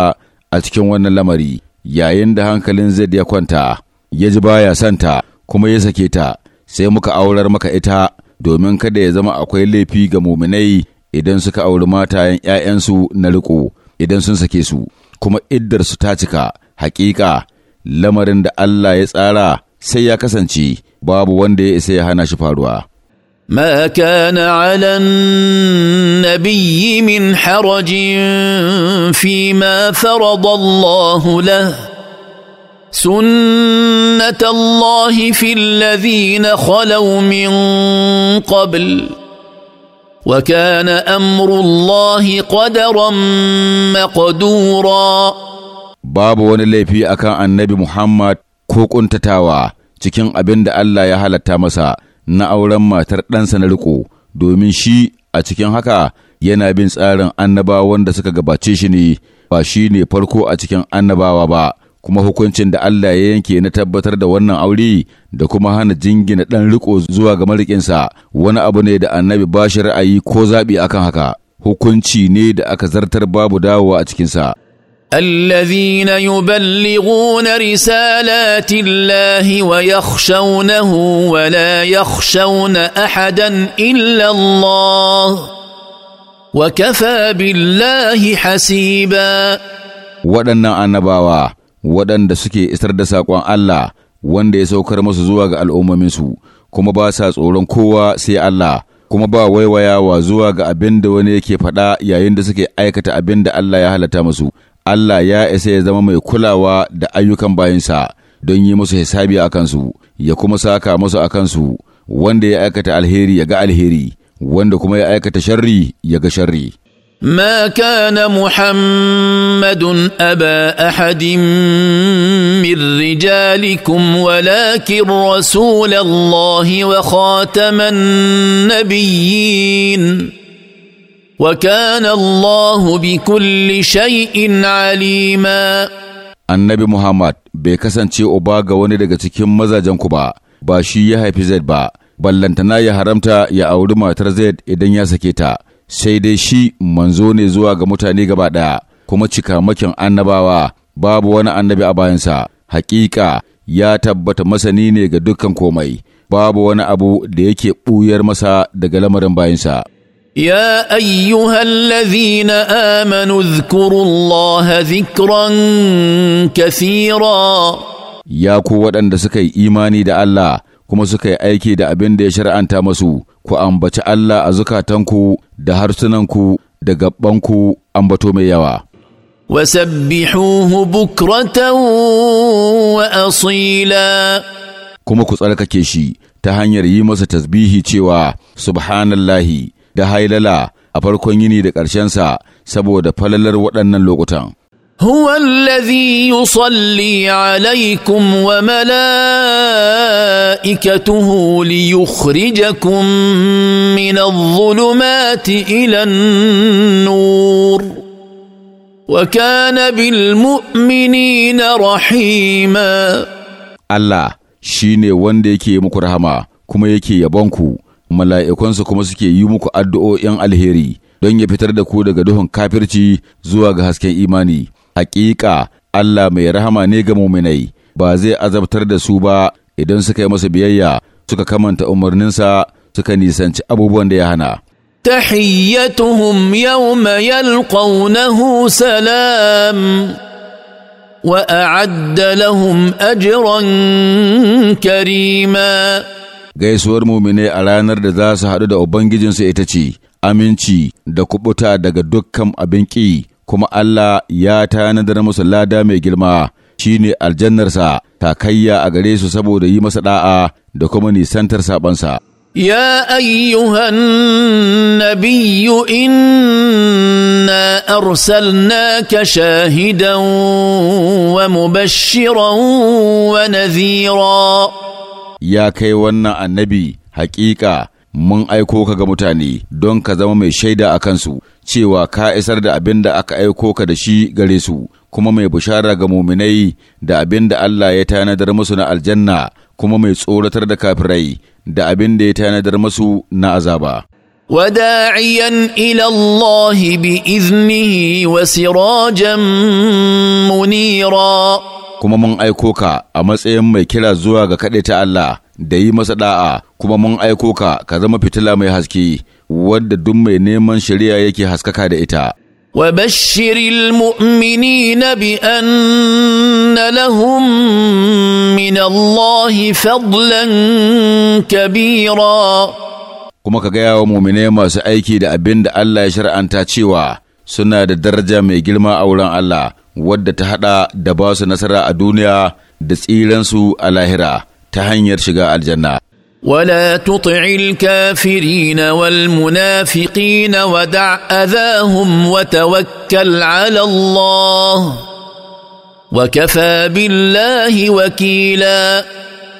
S2: a cikin wannan lamari yayin da hankalin zai ya kwanta ya ji baya santa kuma ya sake ta sai muka aurar maka ita domin kada ya zama akwai laifi ga muminai idan suka auri matayen ‘ya'yansu na riko idan sun sake su. kuma iddarsu ta cika hakika lamarin da Allah ya tsara sai ya kasance babu wanda ya isa ya hana shi faruwa. ما كان على النبي
S1: من حرج فيما فرض الله له سنه الله في الذين خلوا من قبل وكان امر الله قدرا مقدورا
S2: babu wani laifi kan annabi Muhammad ko ƙuntatawa cikin abin da Allah ya halatta masa na auren matar ɗansa na riko domin shi a cikin haka yana bin tsarin annabawan da suka gabace shi ne ba shi ne farko a cikin annabawa ba. kuma hukuncin da Allah ya yanke na tabbatar da wannan aure da kuma hana jingina ɗan riko zuwa ga mariƙinsa wani abu ne da annabi ba shi ra'ayi ko zaɓi akan haka hukunci ne da aka zartar babu dawowa a cikinsa.
S1: الذين يبلغون رسالات الله ويخشونه ولا يخشون احدا الا الله
S2: وكفى بالله حسيبا waɗannan annabawa waɗanda suke isar da saƙon Allah wanda ya saukar masu zuwa ga al'ummominsu, kuma ba sa tsoron kowa sai Allah, kuma ba waiwayawa zuwa ga abin da wani yake faɗa yayin da suke aikata abin da Allah ya halatta masu Allah ya isa ya zama mai kulawa da ayyukan bayansa don yi musu hisabi a kansu, ya kuma saka musu a kansu, wanda ya aikata alheri ya ga alheri, wanda kuma ya aikata sharri ya ga sharri.
S1: ما كان محمد ابا احد من رجالكم ولكن رسول الله وخاتم النبيين وكان الله بكل شيء عليما
S2: annabi muhammad bai kasance uba ga wani daga cikin mazajenku ba ba shi ya haifi zaid ba ballantana ya haramta ya auri matar zaid idan ya sake ta sai dai shi manzo ne zuwa ga mutane gaba ɗaya kuma cikamakin annabawa babu wani annabi a bayansa hakika ya tabbata masani ne ga dukkan komai babu wani abu da yake ɓuyar masa daga lamarin bayansa
S1: يا ايها الذين امنوا اذكروا الله ذكرا
S2: كثيرا يا waɗanda suka yi imani da Allah kuma suka yi aiki da abin da ya shar'anta masu, ku ambaci Allah a zukatanku da harsunanku da an ambato mai yawa.
S1: Wasabbihuhu bukratan wa asila.
S2: Kuma ku tsarkake shi ta hanyar yi masa tasbihi cewa Subhanallahi da hailala a farkon yini da ƙarshensa saboda falalar waɗannan lokutan.
S1: هو الذي يصلي عليكم وملائكته ليخرجكم من الظلمات الى النور وكان بالمؤمنين رحيما
S2: الله shine wanda yake muku rahama kuma yake yabonku mala'ikunsa kuma suke yi muku addu'o'in alheri don ya fitar da ku daga duhun kafirci zuwa ga hasken imani Hakika Allah mai rahama ne ga muminai, ba zai azabtar da su ba idan suka yi masa biyayya suka kamanta umarninsa suka nisanci abubuwan da ya hana.
S1: تحيتهم يوم يلقونه سلام واعد لهم اجرا كريما
S2: gaisuwar muminai a ranar da za su haɗu da Ubangijinsu ita ce, aminci da kubuta daga dukkan abin ƙi kuma Allah ya tanadar musu lada mai girma shine aljannarsa takayya a gare su saboda yi masa ɗa'a da kuma nisantar sabansa.
S1: يا ايها النبي انا ارسلناك شاهدا
S2: ومبشرا ونذيرا يا كي ونا النبي حقيقه mun aiko ka ga mutane don ka zama mai shaida a kansu cewa ka isar da abin da aka aiko ka da shi gare su kuma mai bushara ga muminai da abin da Allah ya tanadar musu na aljanna kuma mai tsoratar da kafirai da abin da ya tanadar musu na azaba
S1: وداعيا الى الله باذنه وسراجا منيرا
S2: kuma mun aiko ka a matsayin mai kira zuwa ga kaɗai ta Allah da yi masa ɗa'a, kuma mun aiko ka ka zama fitila mai haske wadda duk mai neman shari'a yake haskaka da ita.
S1: وبشر المؤمنين بأن لهم من الله فضلا كبيرا
S2: kuma ka gaya wa muminai masu aiki da abin da Allah ya shar'anta cewa suna da daraja mai girma a wurin Allah wadda ta haɗa da ba su nasara a duniya da tsiransu a lahira ta hanyar shiga aljanna.
S1: ولا تطع الكافرين والمنافقين ودع اذاهم وتوكل على الله وكفى بالله وكيلا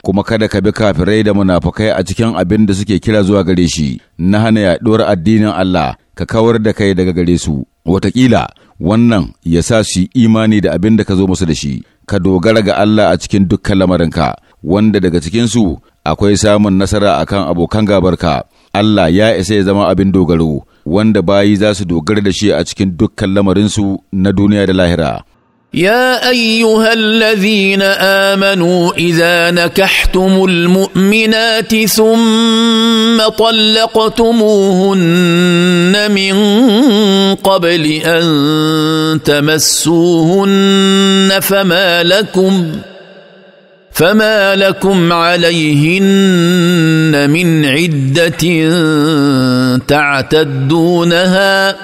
S2: kuma kada ka bi kafirai da munafukai a cikin abin da suke kira zuwa gare shi na hana yaɗuwar addinin Allah ka kawar da kai daga gare su wataƙila wannan ya sa su imani da abin da ka zo musu da shi ka dogara ga Allah a cikin dukkan lamarinka wanda daga cikinsu akwai samun nasara akan abokan gabarka Allah ya isa ya zama abin dogaro wanda bayi za su dogara da shi a cikin dukkan lamarinsu na duniya da lahira
S1: يا ايها الذين امنوا اذا نكحتم المؤمنات ثم طلقتموهن من قبل ان تمسوهن فما لكم فما لكم عليهن من عده تعتدونها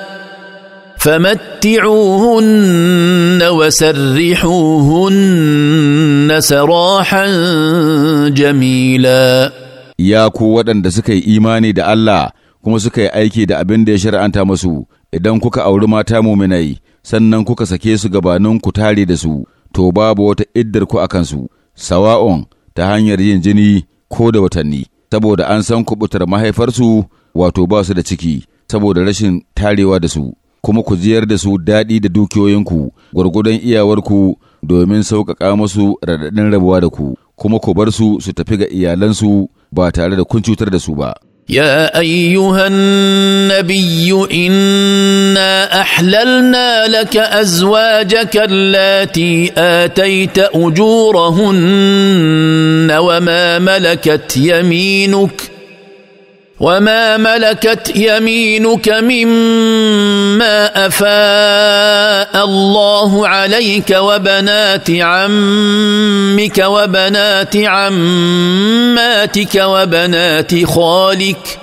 S1: فمتعوهن وسرحوهن
S2: سراحا جميلا يا ku waɗanda suka yi imani da Allah kuma suka yi aiki da abin da ya shari'anta musu idan kuka auri mata muminai sannan kuka sake su gabanin ku tare da su to babu wata iddar ku a kansu sawa'on ta hanyar yin jini ko da watanni, saboda an san kubutar mahaifarsu wato ba su da ciki, saboda rashin tarewa da su, kuma ku jiyar da su daɗi da dukiyoyinku, gwargwadon iyawarku domin sauƙaƙa musu raɗaɗin rabuwa da ku, kuma ku bar su su tafi ga iyalansu ba tare da kun cutar da su ba.
S1: يا ايها النبي انا احللنا لك ازواجك اللاتي اتيت اجورهن وما ملكت يمينك وما ملكت يمينك مما افاء الله عليك وبنات عمك وبنات عماتك وبنات خالك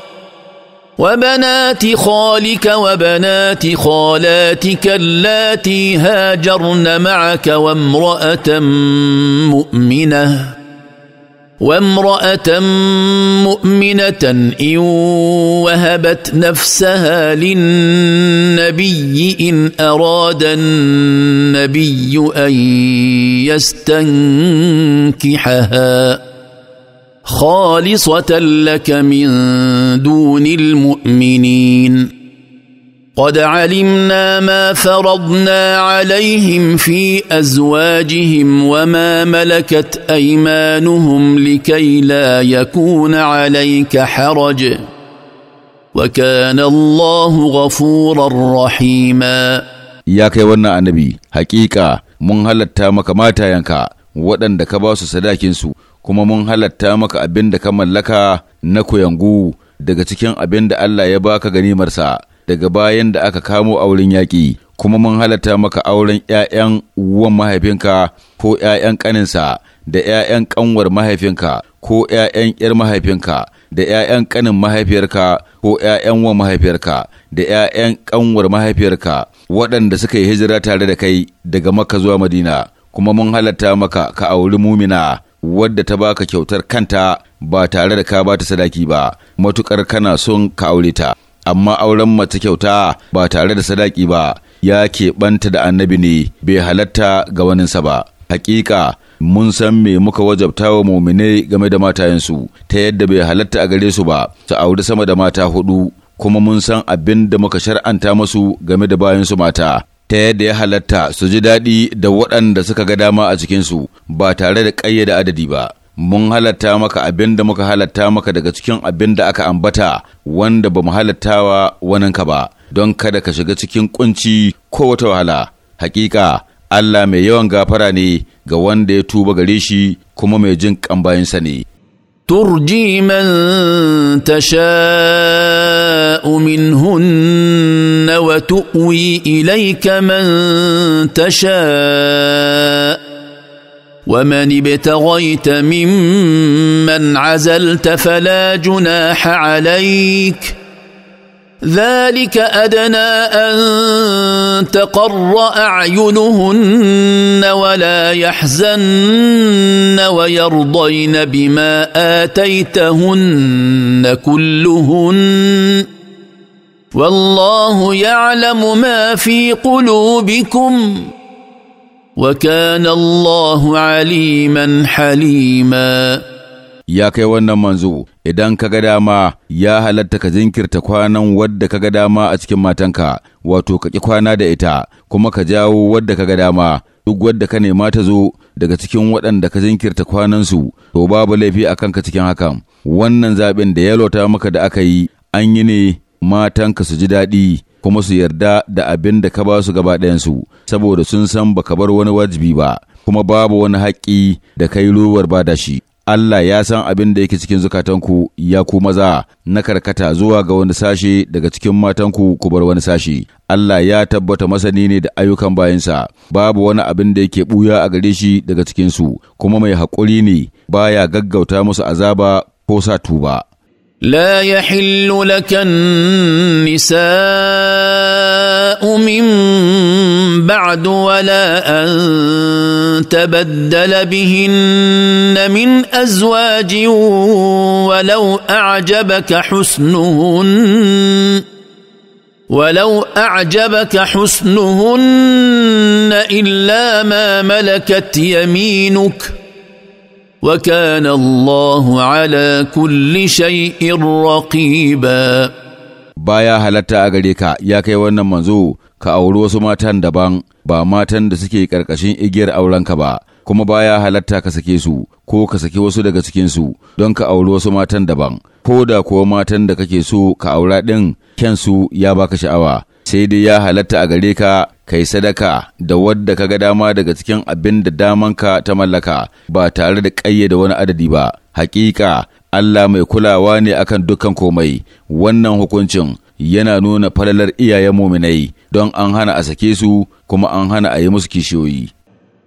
S1: وبنات خالك وبنات خالاتك اللاتي هاجرن معك وامراه مؤمنه وامراه مؤمنه ان وهبت نفسها للنبي ان اراد النبي ان يستنكحها خالصه لك من دون المؤمنين قد علمنا ما فرضنا عليهم في ازواجهم وما ملكت ايمانهم لكي لا يكون عليك حرج
S2: وكان الله غفورا رحيما يا كي wannan annabi haƙiƙa mun halatta maka matayanka waɗanda ka ba su sadakinsu kuma mun halatta maka abin da ka mallaka na kuyangu daga cikin abin da Allah ya baka ganimarsa daga bayan da aka kamo a wurin yaƙi, kuma mun halatta maka auren ‘ya'yan uwan mahaifinka ko ‘ya'yan ƙaninsa da ‘ya'yan ƙanwar mahaifinka ko ‘ya'yan ‘yar mahaifinka da ‘ya'yan ƙanin mahaifiyarka ko ‘ya'yan wa mahaifiyarka da ‘ya'yan ƙanwar mahaifiyarka waɗanda suka yi hijira tare da kai daga maka zuwa Madina, kuma mun halatta maka ka auri mumina wadda ta baka kyautar kanta ba tare da ka bata sadaki ba, matukar kana son ka aure ta. amma auren mace kyauta ba tare da sadaki ba ya keɓanta da annabi ne bai halatta ga waninsa ba hakika mun san me muka wajabta wa muminai game da matayensu ta yadda bai halatta a gare su ba su auri sama da mata hudu kuma mun san abin da muka shar'anta masu game da bayansu mata ta yadda ya halatta su ji daɗi da waɗanda suka ga dama a cikinsu ba tare da ƙayyada adadi ba mun halatta maka abin da muka halatta maka daga cikin abin da aka ambata wanda ba mu wa waninka ba don kada ka shiga cikin kunci ko wata wahala hakika Allah mai yawan gafara ne ga wanda ya tuba gare shi kuma mai jin bayansa ne
S1: ترجي من تشاء منهن وتؤوي اليك من تشاء ومن ابتغيت ممن عزلت فلا جناح عليك ذلك ادنى ان تقر اعينهن ولا يحزن ويرضين بما اتيتهن كلهن والله يعلم ما في قلوبكم وكان الله
S2: عليما حليما ya kai wannan manzo idan ka ga dama ya halatta ka jinkirta kwanan wadda ka dama a cikin matanka wato ka ki kwana da ita kuma ka jawo wadda ka dama duk wadda ka nema ta zo daga cikin waɗanda ka jinkirta kwanansu to babu laifi a kanka cikin hakan wannan zaɓin da ya lota maka da aka yi an yi ne matanka su ji daɗi kuma su yarda da abin da ka ba su gaba ɗayansu saboda sun san baka bar wani wajibi ba kuma babu wani haƙƙi da kai lowar ba da shi Allah ya san abin da yake cikin zukatanku ya ku maza na karkata zuwa ga wani sashe daga cikin matanku ku bar wani sashe. Allah ya tabbata masani ne da ayyukan bayansa, babu wani abin da yake buya a gare shi daga cikinsu, kuma mai haƙuri ne baya gaggauta musu azaba ko sa tuba.
S1: لا يحل لك
S2: النساء
S1: من بعد ولا ان تبدل بهن من ازواج ولو اعجبك حسنهن ولو اعجبك حسنهن الا ما ملكت
S2: يمينك وكان الله على كل شيء رقيبا baya halatta a gare ka ya kai wannan manzo ka auri wasu matan daban ba matan da suke ƙarƙashin igiyar aurenka ba kuma baya halatta ka sake su ko ka saki wasu daga cikinsu don ka auri wasu matan daban ko da kuwa matan da kake so ka aura ɗin kyansu ya baka sha'awa sai dai ya halatta a gare ka kai sadaka da wadda ka ga dama daga cikin abin da damanka ta mallaka ba tare da ƙayyade wani adadi ba hakika Allah mai kulawa ne akan dukkan komai wannan hukuncin yana nuna falalar iyayen muminai don an hana a sake su kuma an hana a yi musu kishiyoyi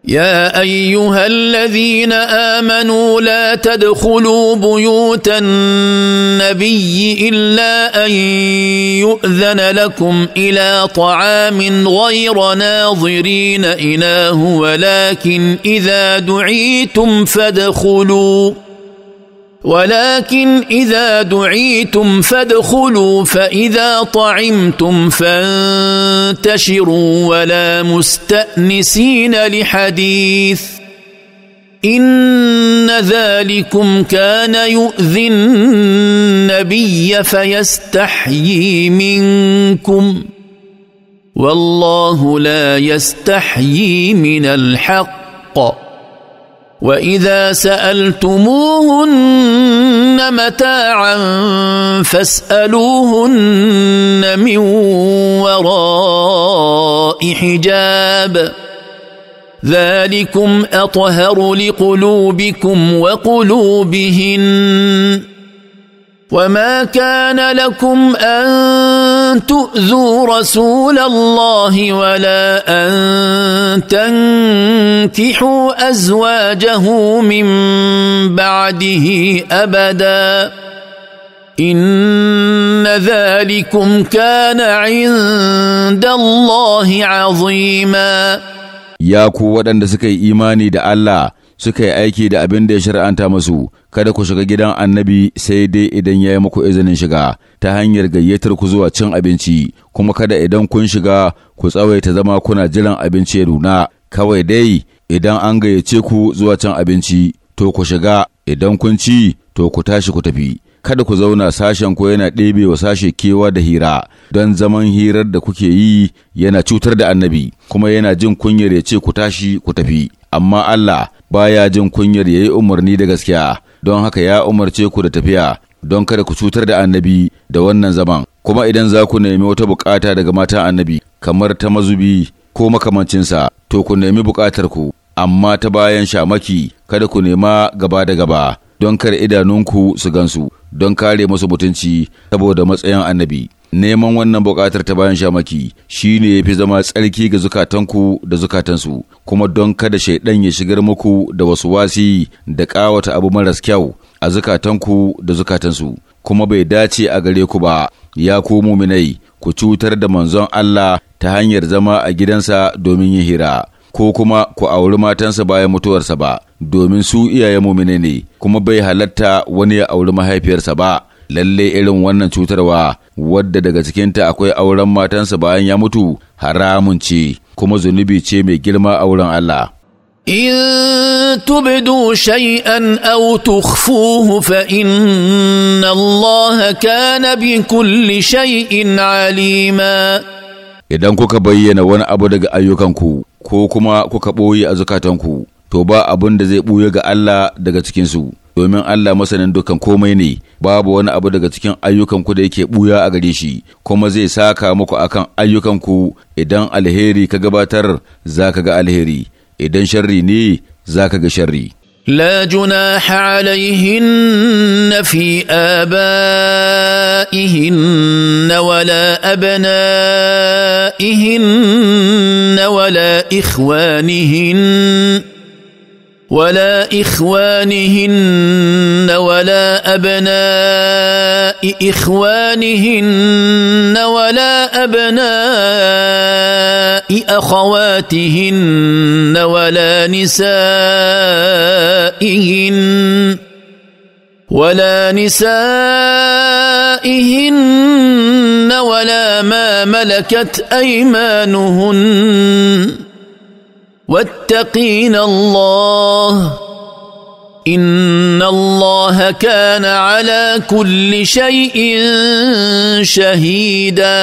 S1: يا ايها الذين امنوا لا تدخلوا بيوت النبي الا ان يؤذن لكم الى طعام غير ناظرين اله ولكن اذا دعيتم فادخلوا ولكن اذا دعيتم فادخلوا فاذا طعمتم فانتشروا ولا مستانسين لحديث ان ذلكم كان يؤذي النبي فيستحيي منكم والله لا يستحيي من الحق واذا سالتموهن متاعا فاسالوهن من وراء حجاب ذلكم اطهر لقلوبكم وقلوبهن وما كان لكم ان أن تؤذوا رسول الله ولا أن تنكحوا أزواجه من بعده أبدا إن ذلكم كان عند الله عظيما
S2: يا قوة أن تسكي إيماني دا الله suka yi aiki da abin da ya shari'anta musu kada ku shiga gidan annabi sai dai idan ya yi muku izinin shiga ta hanyar gayyatar ku zuwa cin abinci kuma kada idan kun shiga ku tsawaita zama kuna jiran abinci ya nuna kawai dai idan an gayyace ku zuwa cin abinci to ku shiga idan kun ci to ku tashi ku tafi kada ku zauna sashen ko yana ɗebe wa sashe kewa da hira don zaman hirar da kuke yi yana cutar da annabi kuma yana jin kunyar ya ce ku tashi ku tafi amma Allah baya jin kunyar ya yi umarni da gaskiya don haka ya umarce ku da tafiya don kada ku cutar da annabi da wannan zaman kuma idan za ku nemi wata bukata daga matan annabi kamar ta mazubi ko makamancinsa to ku nemi bukatar ku amma ta bayan shamaki kada ku nema gaba da gaba don kar idanunku su gansu don kare musu mutunci saboda matsayin annabi neman wannan buƙatar ta bayan shamaki shi ne ya fi zama tsarki ga zukatanku da zukatansu kuma don kada shaidan ya shigar muku da wasu wasi da ƙawata abu maras kyau a zukatanku da zukatansu kuma bai dace a gare ku ba ya ku muminai ku cutar da manzon Allah ta hanyar zama a gidansa domin yin hira ko kuma ku auri matansa bayan mutuwarsa ba domin su iyayen mumine ne kuma bai halatta wani ya auri mahaifiyarsa ba lalle irin wannan cutarwa wadda daga cikinta akwai auren matansa bayan ya mutu haramun ce kuma zunubi ce mai girma a wurin Allah. In
S1: tubdu shay'an aw tukhfuhu fa inna Allah kana bi kulli shay'in alima.
S2: Idan kuka bayyana wani abu daga ayyukanku ko kuma kuka ɓoye a zukatanku. to ba abin da zai ɓuya ga Allah daga cikinsu, domin Allah masanin dukan komai ne, babu wani abu daga cikin ayyukanku da yake ɓuya a gare shi, kuma zai saka muku akan ayyukanku idan alheri ka gabatar za ka ga alheri, idan sharri ne za ka ga sharri.
S1: لا جناح عليهن في آبائهن ولا أبنائهن ولا إخوانهن ولا إخوانهن ولا أبناء إخوانهن ولا أبناء أخواتهن ولا نسائهن ولا نسائهن ولا ما ملكت أيمانهن واتقين الله ان الله كان على كل
S2: شيء شهيدا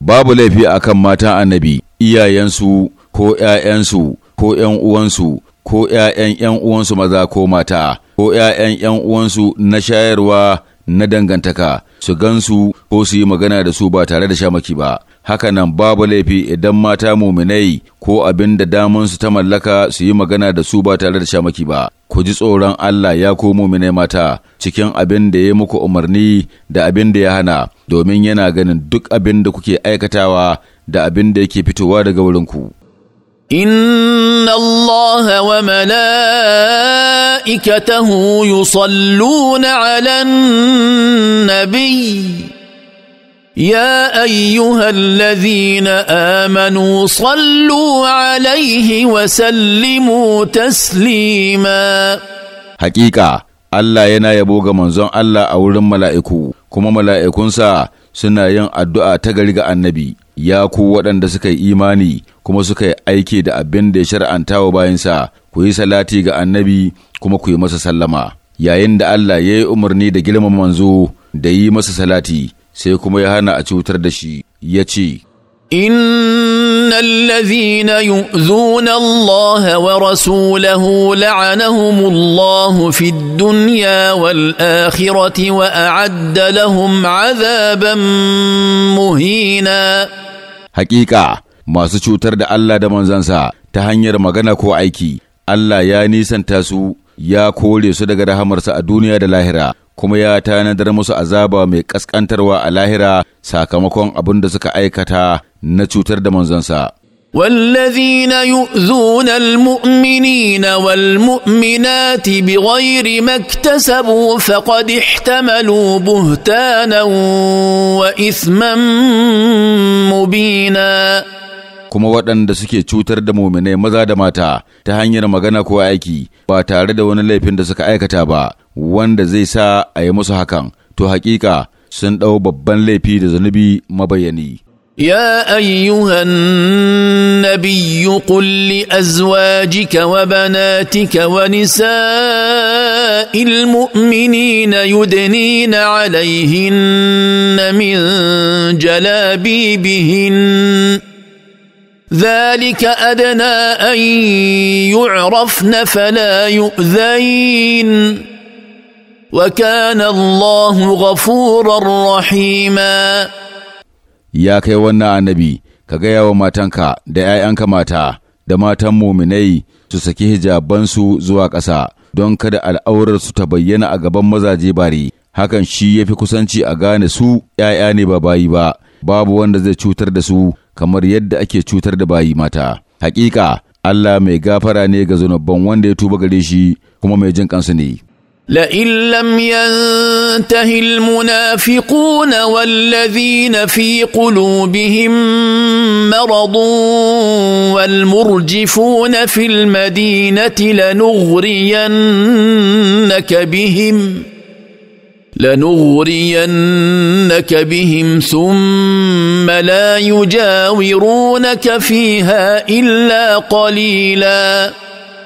S2: babu laifi akan mata annabi iyayensu ko ‘ya'yansu ko ‘yan uwansu ko ‘ya'yan ‘yan uwansu maza ko mata ko ‘ya'yan ‘yan uwansu na shayarwa na dangantaka su gansu ko su yi magana da su ba tare da shamaki ba hakanan babu laifi idan mata muminai ko abin da damansu ta mallaka su yi magana da su ba tare da shamaki ba, ku ji tsoron Allah ya ko muminai mata cikin abin da ya muku umarni da abin da ya hana, domin yana ganin duk abin da kuke aikatawa da abin da yake fitowa daga wurinku.
S1: إن الله وملائكته يصلون على النبي يا ايها الذين امنوا صلوا عليه وسلموا تسليما
S2: حقيقه Allah yana yabo ga manzon Allah a wurin mala'iku, kuma mala'ikunsa suna yin addu'a ta gari ga annabi, ya ku waɗanda suka yi imani kuma suka yi aiki da abin da ya shar'anta wa bayansa, ku yi salati ga annabi kuma ku yi masa sallama, yayin da Allah ya yi umarni da girman manzo da yi masa salati. sai kuma ya hana a cutar da shi ya ce
S1: ان الذين يؤذون الله ورسوله لعنهم الله في الدنيا والاخره واعد لهم عذابا مهينا
S2: حقيقه masu cutar da Allah da manzansa ta hanyar magana ko aiki Allah ya nisanta su ya kore su daga rahamarsa a duniya da lahira kuma ya tanadar musu azaba mai ƙasƙantarwa a lahira sakamakon abin da suka aikata na cutar da manzansa.
S1: والذين يؤذون المؤمنين والمؤمنات بغير ما اكتسبوا فقد احتملوا بهتانا واثما مبينا
S2: kuma waɗanda suke cutar da muminai maza da mata ta hanyar magana ko aiki ba tare da wani laifin da suka aikata ba wanda zai sa a yi musu hakan to hakika sun ɗau babban laifi da zunubi mabayani.
S1: يا ايها النبي قل لازواجك وبناتك ونساء المؤمنين يدنين عليهن من جلابيبهن ذلك ادنى ان يعرفن فلا يؤذين وكان الله غفورا رحيما
S2: يا kai wannan annabi ka gaya wa matanka da ‘ya'yanka mata da matan muminai su saki hijabansu zuwa ƙasa don kada al'aurarsu ta bayyana a gaban mazaje bari hakan shi ya fi kusanci a gane su ‘ya'ya ne ba bayi ba babu wanda zai cutar da su kamar yadda ake cutar da bayi mata hakika Allah mai gafara ne ga zunubban wanda ya tuba gare shi kuma mai jin kansu ne
S1: لئن لم ينته المنافقون والذين في قلوبهم مرض والمرجفون في المدينه لنغرينك بهم لنغرينك بهم ثم لا يجاورونك فيها إلا قليلا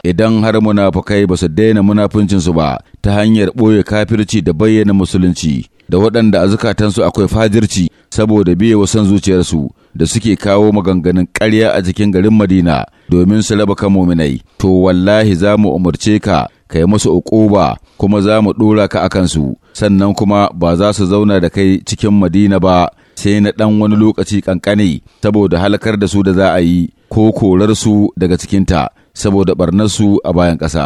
S2: idan har munafukai ba su daina munafuncinsu ba ta hanyar ɓoye kafirci da bayyana musulunci da waɗanda a zukatansu akwai fajirci saboda biye wa son zuciyarsu da suke kawo maganganun ƙarya a cikin garin madina domin su raba kan muminai to wallahi za mu umarce ka ka yi musu ukuba kuma za mu ɗora ka a kansu sannan kuma ba za su zauna da kai cikin madina ba sai na ɗan wani lokaci ƙanƙane saboda halakar da su da za a yi ko korarsu daga cikinta saboda ɓarnarsu a bayan ƙasa.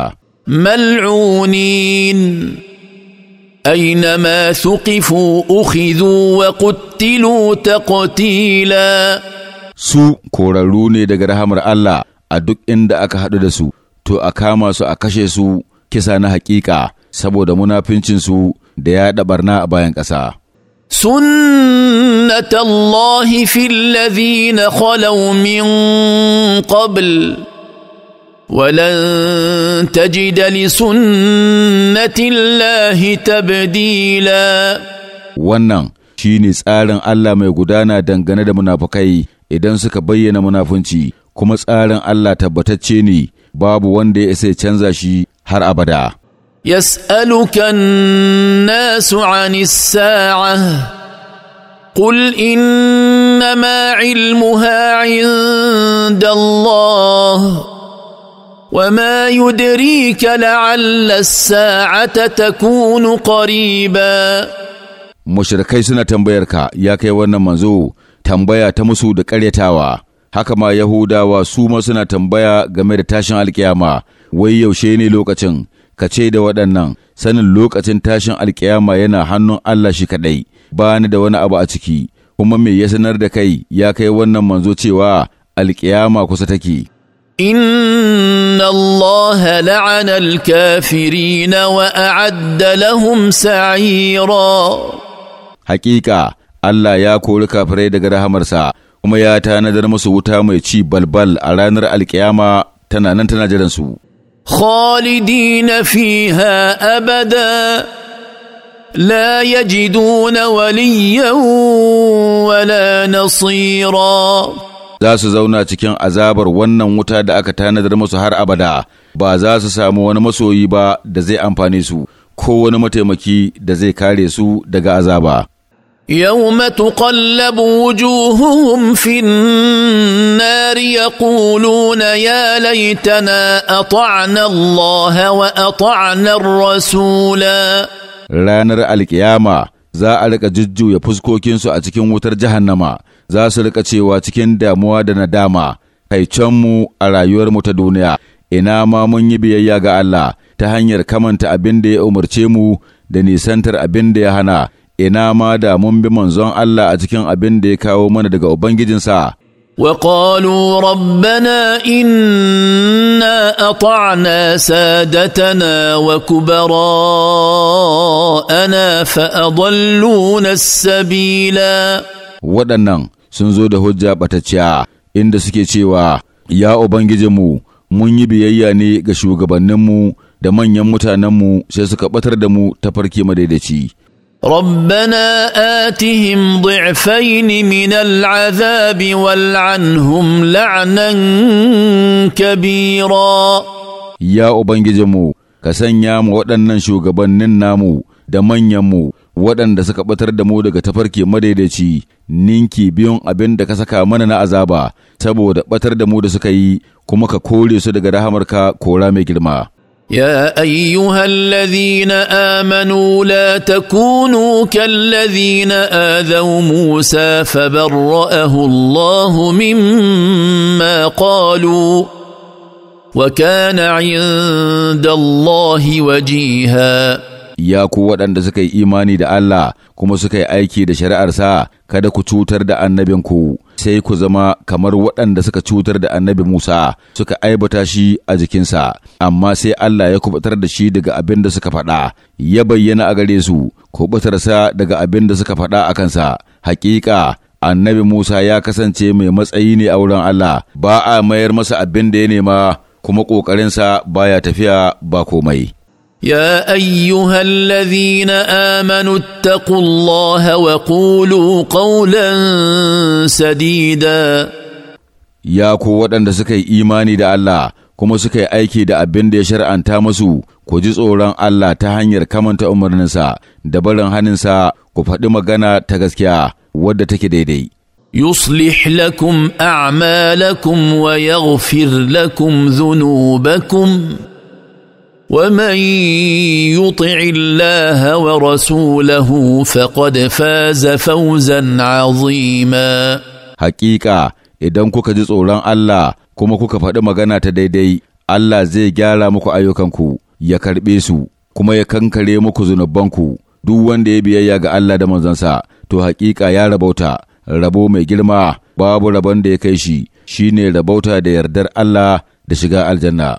S1: mal'unin أينما ثقفوا
S2: أخذوا وقتلوا تقتيلا su korarru ne daga rahamar Allah a duk inda aka haɗu da su, to a kama su a kashe su kisa na haƙiƙa saboda munafincinsu da ya ɗabarna a bayan ƙasa.
S1: سنة الله في الذين ta من قبل ولن تجد لسنة الله تبديلا
S2: wannan shi ne tsarin Allah mai gudana dangane da munafukai idan suka bayyana munafunci kuma tsarin Allah tabbatacce ne babu wanda ya isa canza shi har abada
S1: yas'aluka an-nasu 'ani as-sa'ah قل انما علمها عند الله وما يدريك لعل الساعه تكون قريبا
S2: mushrikai suna tambayarka ya kai wannan manzo tambaya ta musu da ƙaryatawa haka ma yahudawa suma suna tambaya game da tashin alkiyama wai yaushe ne lokacin, ka ce da waɗannan sanin lokacin tashin alƙiyama yana hannun Allah shi kaɗai, ba ni da wani abu a ciki, kuma me ya sanar da kai ya kai wannan manzo cewa alkiyama kusa take.
S1: إن الله لعن الكافرين وأعد لهم سعيرا
S2: حقيقة الله يا kori kafirai daga rahamarsa kuma ya tanadar musu wuta mai ci balbal a ranar alkiyama tana nan tana jiransu.
S1: خالدين فيها ابدا لا يجدون وليا ولا نصيرا
S2: za su zauna cikin azabar wannan wuta da aka tanadar musu har abada ba za su samu wani masoyi ba da zai amfane su ko wani mataimaki da zai kare su daga azaba
S1: يوم تقلب وجوههم في النار يقولون يا ليتنا wa الله واطعنا الرسولا
S2: ranar alkiyama za a rika jujjuya fuskokinsu a cikin wutar jahannama za su rika cewa cikin damuwa da nadama mu a rayuwarmu ta duniya ina ma mun yi biyayya ga Allah ta hanyar kamanta abin da ya umarce mu da nisantar abin da ya hana ina ma da mun bi manzon Allah a cikin abin da ya kawo mana daga Ubangijinsa.
S1: وقالوا ربنا انا اطعنا سادتنا وكبراءنا na sabila.
S2: waɗannan sun zo da hujja ɓatacciya inda suke cewa ya ubangijinmu mun yi biyayya ne ga shugabanninmu da manyan mutanenmu sai suka ɓatar da mu ta farki madaidaci
S1: ربنا آتهم ضعفين من العذاب والعنهم لعنا كبيرا
S2: يا ka sanya مو waɗannan shugabannin namu da manyanmu waɗanda suka ɓatar da mu daga tafarki madaidaici ninki biyun abin da ka saka mana na azaba saboda ɓatar da mu da suka yi kuma ka kore su daga rahamarka kora mai girma
S1: يا ايها الذين امنوا لا تكونوا كالذين اذوا موسى فبراه الله مما قالوا وكان عند
S2: الله وجيها ya ku waɗanda suka yi imani da Allah kuma suka aiki da shari'arsa kada ku cutar da annabinku sai ku zama kamar waɗanda suka cutar da annabi Musa suka aibata shi a jikinsa, amma sai Allah ya kubutar da shi daga abin da suka faɗa, ya bayyana a gare su, kubutarsa daga abin da suka faɗa a kansa. Hakika, annabi Musa ya kasance mai matsayi ne a wurin Allah, ba a mayar masa abin da ya nema, kuma ƙoƙarinsa baya tafiya ba komai.
S1: يا ايها الذين امنوا اتقوا
S2: الله وقولوا قولا سديدا يا ku waɗanda suka yi imani da Allah kuma suka yi aiki da abin da ya shar'anta musu ku ji tsoron Allah ta hanyar kamanta umarninsa da barin haninsa ku faɗi magana ta gaskiya wadda take daidai
S1: lakum a'malakum wa ويغفر lakum ذنوبكم ومن يطع الله ورسوله فقد
S2: فاز فوزا عظيما حقيقة idan kuka ji tsoron Allah kuma kuka faɗi magana ta daidai Allah zai gyara muku ayyukanku ya karɓe su kuma ya kankare muku zunubanku duk wanda ya biyayya ga Allah da manzansa to haƙiƙa ya rabauta rabo mai girma babu rabon da ya kai shi shine rabauta da yardar Allah da shiga aljanna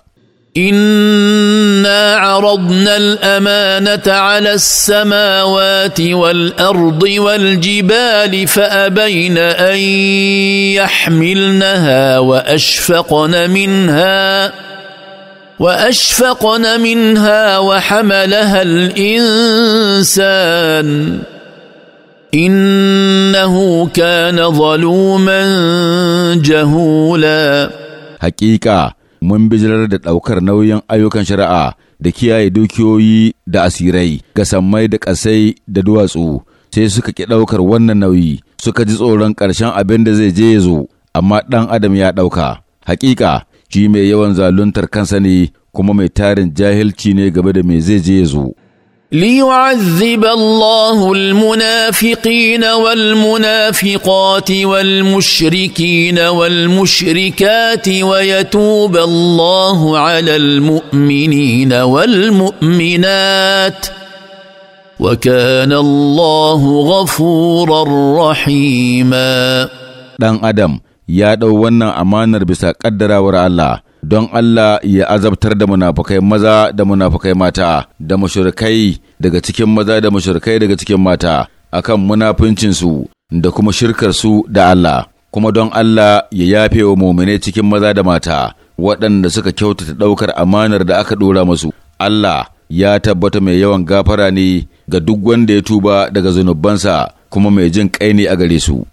S2: انا
S1: عرضنا الامانه على السماوات والارض والجبال فابين ان يحملنها واشفقن منها واشفقن منها وحملها الانسان
S2: انه كان ظلوما جهولا حقيقه mun bijirar da ɗaukar nauyin ayyukan shari'a da kiyaye dukiyoyi da asirai ga sammai da ƙasai da duwatsu sai suka ki ɗaukar wannan nauyi suka ji tsoron ƙarshen abin da zai je ya zo amma ɗan adam ya ɗauka Haƙiƙa, shi mai yawan zaluntar kansa ne kuma mai tarin jahilci ne game da mai zai je ya zo
S1: ليعذب الله المنافقين والمنافقات والمشركين والمشركات ويتوب الله على المؤمنين والمؤمنات وكان الله
S2: غفورا رحيما دان ادم يا دو wannan amanar bisa kaddarawar Allah don Allah ya azabtar da munafukai maza da munafukai mata da mashirkai daga cikin maza da mashirkai daga cikin mata akan munafuncinsu da kuma shirkarsu da Allah kuma don Allah ya yafe wa mumine cikin maza da mata waɗanda suka kyautata ɗaukar amanar da aka ɗora masu, Allah ya tabbata mai yawan gafara ne ga duk wanda ya tuba daga zunubansa kuma mai jin kai ne a gare su